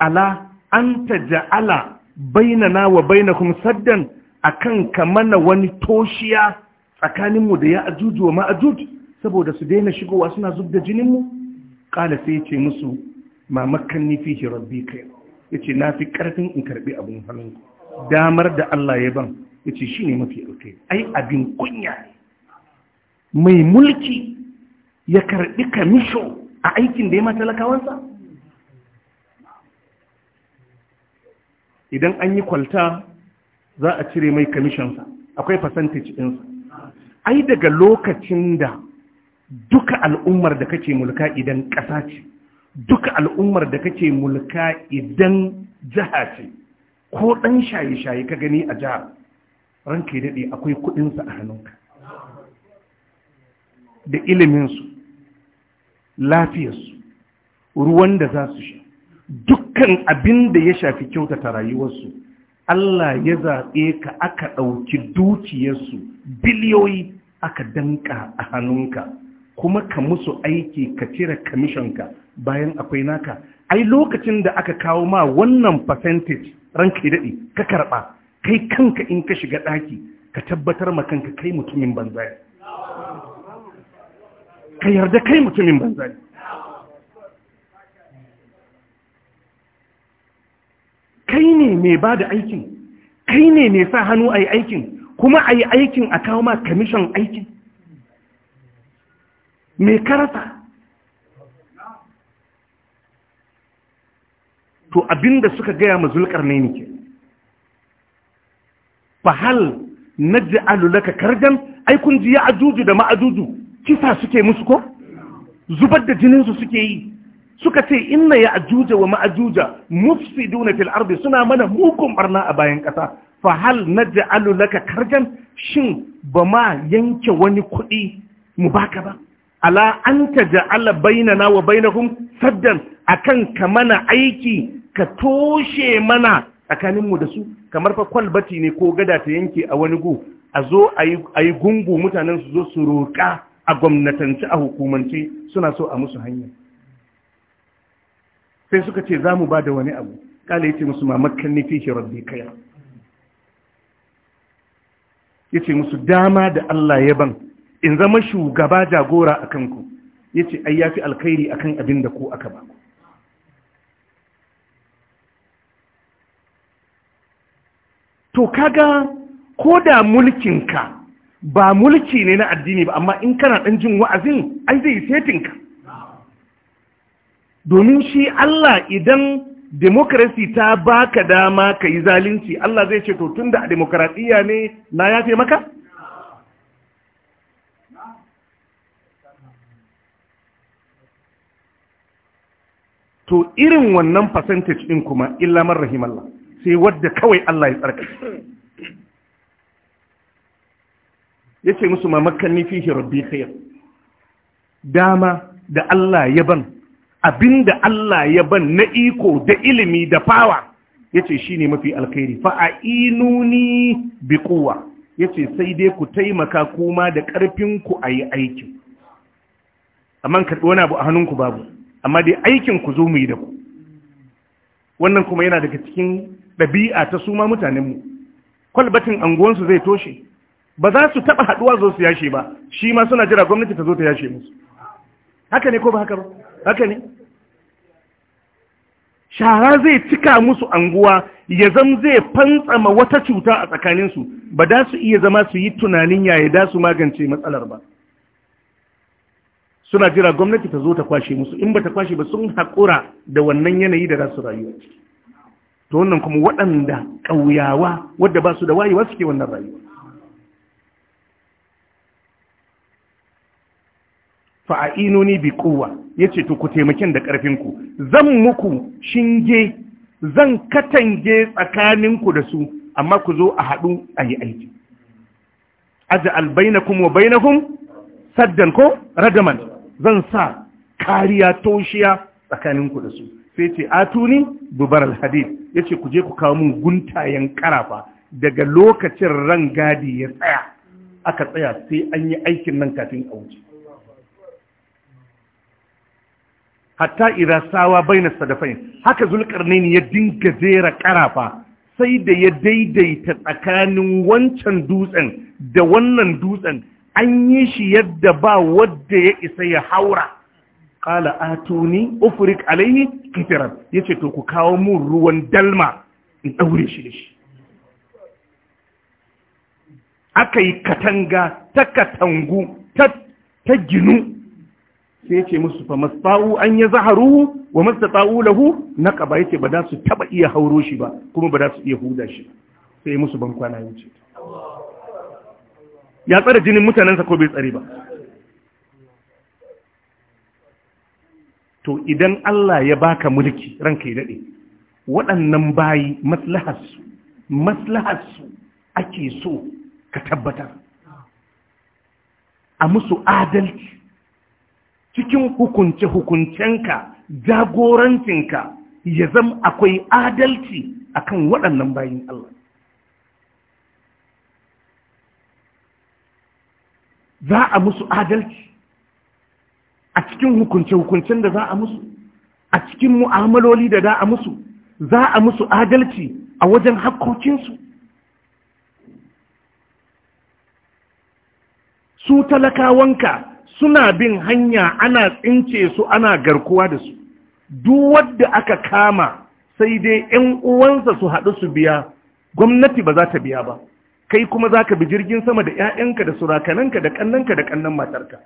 [SPEAKER 1] ala an ja'ala bainana wa bainakum saddan akan ka mana wani toshiya tsakaninmu da ya ajuju wa ma'ajuj saboda su daina shigowa suna zub da jininmu ƙala sai ya ce musu mamakan nifi shi rabbi kai ya ce na fi ƙarfin in karɓi abin hannunku damar da Allah ya ban ya ce shi ne mafi ɗauke ai abin kunya ne mai mulki ya karɓi kamisho a aikin da ya talakawansa? idan an yi kwalta za a cire mai kamishinsa akwai percentage ɗinsa ai daga lokacin da duka al'ummar da kake mulka idan ƙasa ce duka al'ummar da kake mulka idan jiha ce ko ɗan shaye-shaye ka gani a jihar ran ke daɗe akwai kuɗinsa a hannunka da iliminsu lafiyarsu ruwan da za su sha dukkan abin da ya shafi kyautata rayuwarsu Allah ya zaɓe ka aka ɗauki dukiyarsu biliyoyi aka danka a hannunka kuma ka musu aiki ka cire kamishanka bayan akwai naka ai lokacin da aka kawo ma wannan percentage ranka ya daɗe ka karɓa kai kanka in ka shiga ɗaki ka tabbatar ma kanka kai mutumin banza
[SPEAKER 2] ka yarda kai mutumin banza
[SPEAKER 1] kai ne mai ba da aikin kai ne mai sa hannu a yi aikin kuma a yi aikin a kawo ma kamishin aikin mai karasa to abinda suka gaya ma zulkar ne ne fahal na ji alulaka kargan aikun ji ya ajuju da ma'ajuju kisa suke musu ko zubar da jininsu suke yi suka ce inna ya ajuja wa ma'ajuja mufsiduna fil ardi suna mana mugun barna a bayan ƙasa. fa hal ja'alu laka karjan shin ba ma yanke wani kuɗi mu baka ba ala an taj'ala bainana wa bainahum saddan akan ka mana aiki ka toshe mana tsakaninmu da su kamar fa kwalbati ne ko gada ta yanke a wani gu a zo a yi gungu mutanen su zo su roƙa a gwamnatance a hukumance suna so a musu hanya sai suka ce za mu ba da wani abu kala ya ce musu mamakan nufi shi rabbi kaya ya ce musu dama da Allah ya ban in zama shugaba jagora a kanku ya ce ai ya fi alkhairi a kan abin da ku aka ba to kaga ko da mulkinka ba mulki ne na addini ba amma in kana ɗan jin wa'azin ai zai setinka domin shi Allah idan demokrasi ta baka dama ka yi zalunci Allah zai ce to tunda a demokradiyya ne na yafe maka to irin wannan percentage din kuma illa man Allah, sai wadda kawai Allah ya tsarka yace musu ma makkani fihi rabbi khair dama da Allah ya ban abinda Allah ya ban na iko da ilimi da fawa ya ce shi ne mafi alkhairi fa ainuni bi ya ce sai dai ku taimaka kuma da ƙarfinku a ayi aiki amma ka wani abu a hannunku babu amma dai aikin ku zo mu yi da ku wannan kuma yana daga cikin ɗabi'a ta suma mutanenmu kwalbatin anguwansu zai toshe ba za su taɓa haɗuwa zo su yashe ba shi ma suna jira gwamnati ta zo ta yashe musu haka ne ko ba haka ba haka ne shara zai cika musu anguwa ya zam zai fantsama wata cuta a tsakaninsu ba da su iya zama su yi tunanin yaya da su magance matsalar ba suna jira gwamnati ta zo ta kwashe musu in ba ta kwashe ba sun haƙura da wannan yanayi da za su rayuwa to wannan kuma waɗanda ƙauyawa wadda ba su da wayewa suke wannan rayuwa fa inoni bi ya ce to ku taimakin da ƙarfinku, zan muku shinge zan katange tsakaninku da su amma ku zo a haɗu a yi aiki albaina kuma wa bainahum saddan ko radaman zan sa kariya toshiya tsakaninku da su sai ce atuni dubar alhadid ce ku je ku kawo min guntayen karafa daga lokacin rangadi ya tsaya aka tsaya sai an yi aikin nan kafin a wuce hatta idza sawa baina sadafain haka zulqarnain ya dinga zera karafa sai da ya daidaita tsakanin wancan dutsen da wannan dutsen an yi shi yadda ba wadda ya isa ya haura qala atuni ufrik alaihi Ya ce to ku kawo mun ruwan dalma in daure shi da shi aka yi katanga ta katangu ta ginu sai ce musu fa masta'u an ya zaharu wa masta'u lahu na kaba yace ba za su taba iya hauro shi ba kuma ba za su iya huda shi sai musu ban kwana yace ya tsare jinin mutanensa ko bai tsare ba to idan Allah ya baka mulki ranka ya dade waɗannan bayi maslaharsu maslaharsu ake so ka tabbatar a musu adalci cikin hukunce-hukuncenka jagorancinka ya zama akwai adalci akan waɗannan bayin Allah za a musu adalci a cikin hukunce-hukuncen da za a musu a cikin mu'amaloli da za a musu za a musu adalci a wajen hakkokinsu su talakawanka suna bin hanya ana tsince su ana garkuwa da su duk wadda aka kama sai dai 'yan uwansa su haɗu su biya gwamnati ba za ta biya ba kai kuma za ka bi jirgin sama da 'ya'yanka da surakananka da ƙannanka da ƙannan matarka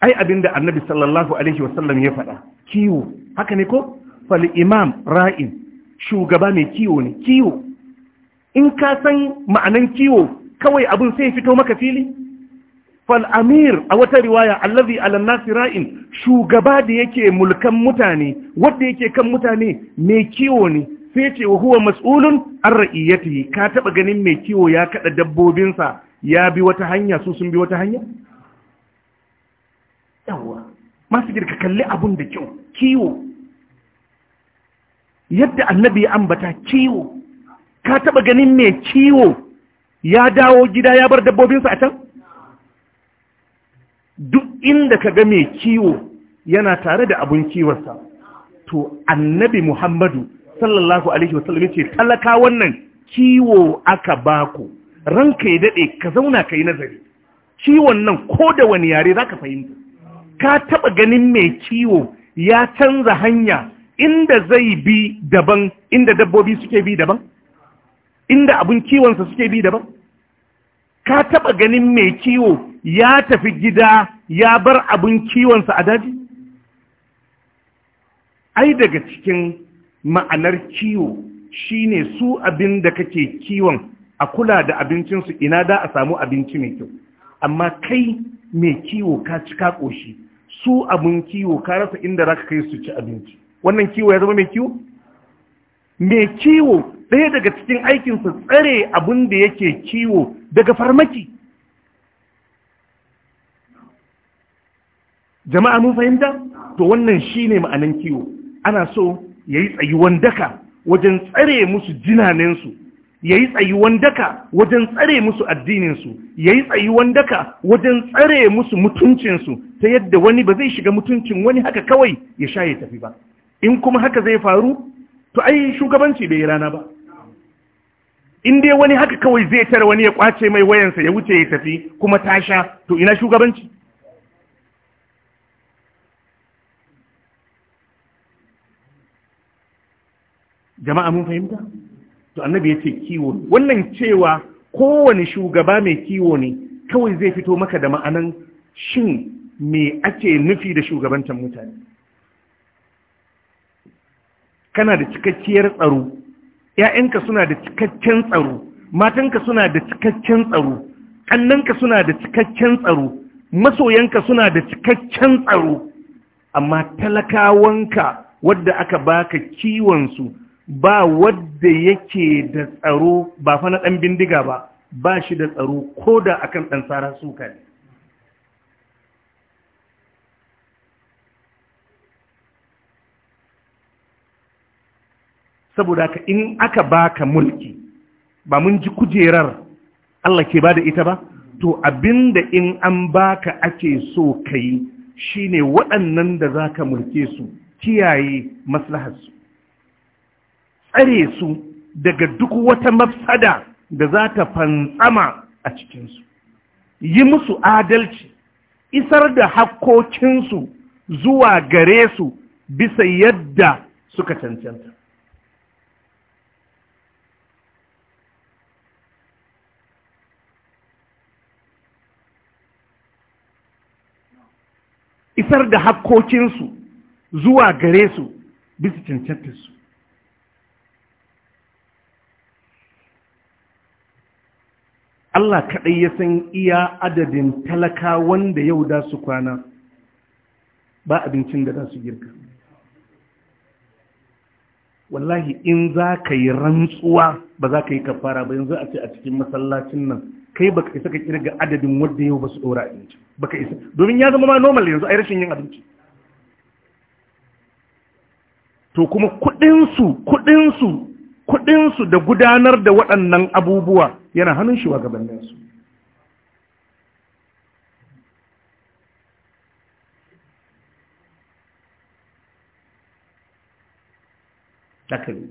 [SPEAKER 1] ai abinda annabi sallallahu alaihi wasallam ya faɗa kiwo haka ne ko fal imam ra'in shugaba mai kiwo ne kiwo in ka san ma'anan kiwo kawai abin sai fito maka fili fal amir a wata riwaya allazi alan shugaba da yake mulkan mutane wanda yake kan mutane mai kiwo ne sai ce wa huwa mas'ulun an yi. ka taba ganin mai kiwo ya kada dabbobinsa ya bi wata hanya su sun bi wata hanya yawa masu girka kalli abun da kyau kiwo yadda annabi ya ambata kiwo ka taba ganin mai kiwo ya dawo gida ya bar dabbobinsa a can duk inda ka ga mai kiwo yana tare da abun kiwonsa to annabi muhammadu sallallahu alaihi wasallam ce talaka wannan kiwo aka ku? ranka ya daɗe ka zauna ka yi nazari kiwon nan ko da wani yare za ka fahimta ka taɓa ganin mai kiwo ya canza hanya inda zai bi daban inda dabbobi suke bi daban inda abin kiwonsa suke bi daban ka taba ganin mai kiwo ya tafi gida ya bar abin kiwonsa a daji ai daga cikin ma'anar kiwo shine su abin da kake kiwon a kula da abincinsu ina da a samu abinci mai kyau amma kai mai kiwo ka ci ka koshi, su abin kiwo ka rasa inda za ka kai su ci abinci wannan kiwo ya zama mai kiwo mai kiwo ɗaya daga cikin aikinsa tsare abin da yake kiwo daga farmaki jama'a mun fahimta to wannan shine ma'anin kiwo ana so ya yi tsayuwan daka wajen tsare musu jinanensu ya yi tsayuwan daka wajen tsare musu addininsu ya yi tsayuwan daka wajen tsare musu mutuncinsu ta yadda wani ba zai shiga mutuncin wani haka kawai ya sha ya tafi ba in kuma haka zai faru to ai shugabanci bai yi rana ba in dai wani haka kawai zai tara wani ya kwace mai wayansa ya wuce ya tafi kuma tasha to ina shugabanci jama'a mun fahimta to annabi ya ce kiwo wannan cewa kowane shugaba mai kiwo ne kawai zai fito maka da ma'anan shin me ake nufi da shugabantar mutane kana da cikakkiyar tsaro ‘ya'yanka suna da cikakken tsaro matanka suna da cikakken tsaro ƙannanka suna da cikakken tsaro masoyanka suna da cikakken tsaro amma talakawanka wadda aka baka kiwonsu ba wadda yake da tsaro ba fa na ɗan bindiga ba ba shi da tsaro ko da akan ɗan tsara suka saboda ka in aka baka mulki ba mun ji kujerar Allah ke bada ita ba to abinda in an baka ake so ka kai shine waɗannan da za ka mulke su kiyaye maslaharsu tsare su daga duk wata mafsada da za ta fantsama a cikinsu yi musu adalci isar da hakkokinsu zuwa gare su bisa yadda suka cancanta isar da hakkokinsu zuwa gare su bisa cancantarsu Allah kaɗai ya san iya adadin talaka wanda yau da su kwana ba abincin da za su girka. Wallahi in za ka yi rantsuwa ba za ka yi kafara ba yanzu a ce a cikin masallacin nan kai baka isa ka kirga adadin wanda yau ba su dora abinci baka isa domin ya zama ma normal yanzu ai rashin yin abinci to kuma kudinsu kudinsu kudinsu da gudanar da waɗannan abubuwa yana hannun shi wa gabaninsu Dakali.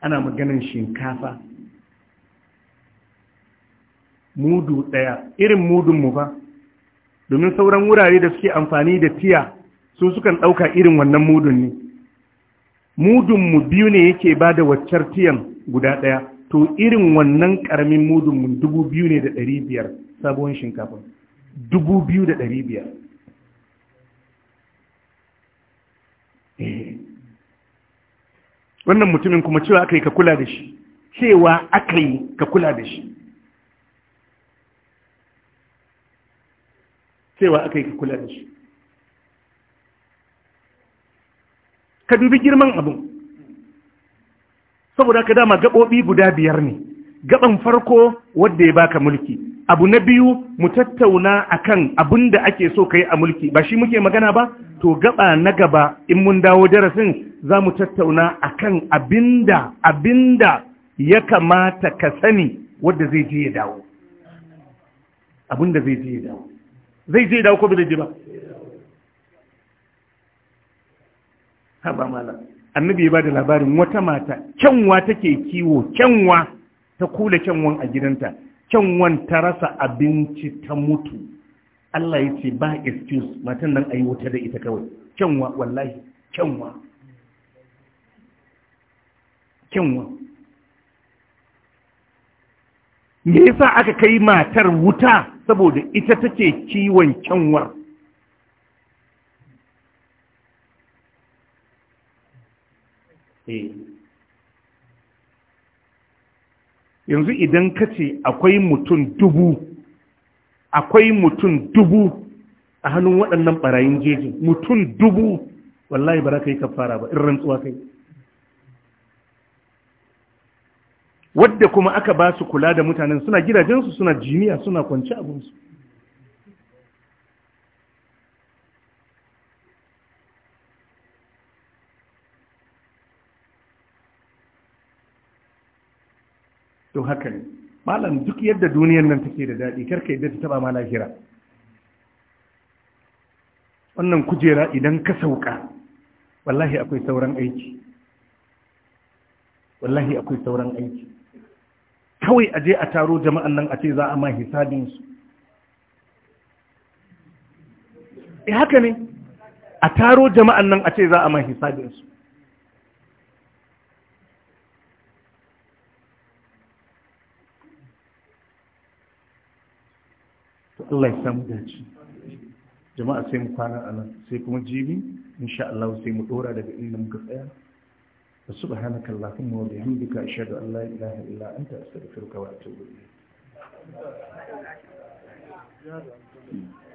[SPEAKER 1] ana maganin shinkafa mudu ɗaya irin mudunmu fa? domin sauran wurare da suke amfani da tiya su sukan ɗauka irin wannan mudun ne mudunmu biyu ne yake ba da waccar tiyan guda ɗaya to irin wannan ƙaramin mudunmu dubu biyu ne da ɗari biyar sabuwar shinkafa dubu biyu da ɗari biyar eh. wannan mutumin kuma cewa aka yi ka kula da shi cewa aka yi ka kula da shi cewa aka yi ka kula da shi ka dubi girman abin saboda ka dama gaɓoɓi guda biyar ne Gaban farko wadda ya baka mulki abu na biyu mu tattauna akan abin da ake so ka yi a mulki ba shi muke magana ba to gaba na gaba in mun dawo darasin za mu tattauna a kan abinda abinda ya kamata ka sani wadda zai je ya dawo abinda zai je ya dawo zai je ya dawo ko bai je ba haba mala annabi ya ba da labarin wata mata kyanwa take kiwo kyanwa ta kula kyanwan a gidanta kyanwan ta rasa abinci ta mutu Allah ya ce ba excuse matan nan a yi wuta da ita kawai kyanwa wallahi kyanwa kyanwa me yasa aka kai matar wuta saboda ita take kiwon kyanwar eh. yanzu idan ka ce akwai mutum dubu akwai mutum dubu a hannun waɗannan ɓarayin jeji mutum dubu wallahi ba ka yi kafara ba in rantsuwa kai wadda kuma aka ba su kula da mutanen suna gidajensu suna jiniya suna kwanci abinsu to haka ne malam duk yadda duniyar nan take da daɗi karka yadda ta taɓa ma lahira wannan kujera idan ka sauka wallahi akwai sauran aiki wallahi akwai sauran aiki kawai a je a taro jama'an nan a ce za a ma hisabinsu e haka ne a taro jama'an nan a ce za a ma hisabinsu Allah ya samu dace jama'a sai mu kwana a nan sai kuma jibi insha Allah sai mu dora daga inda muka tsaya subhanaka allahumma wa bihamdika ashhadu an la ilaha illa anta astaghfiruka wa atubu
[SPEAKER 2] ilayk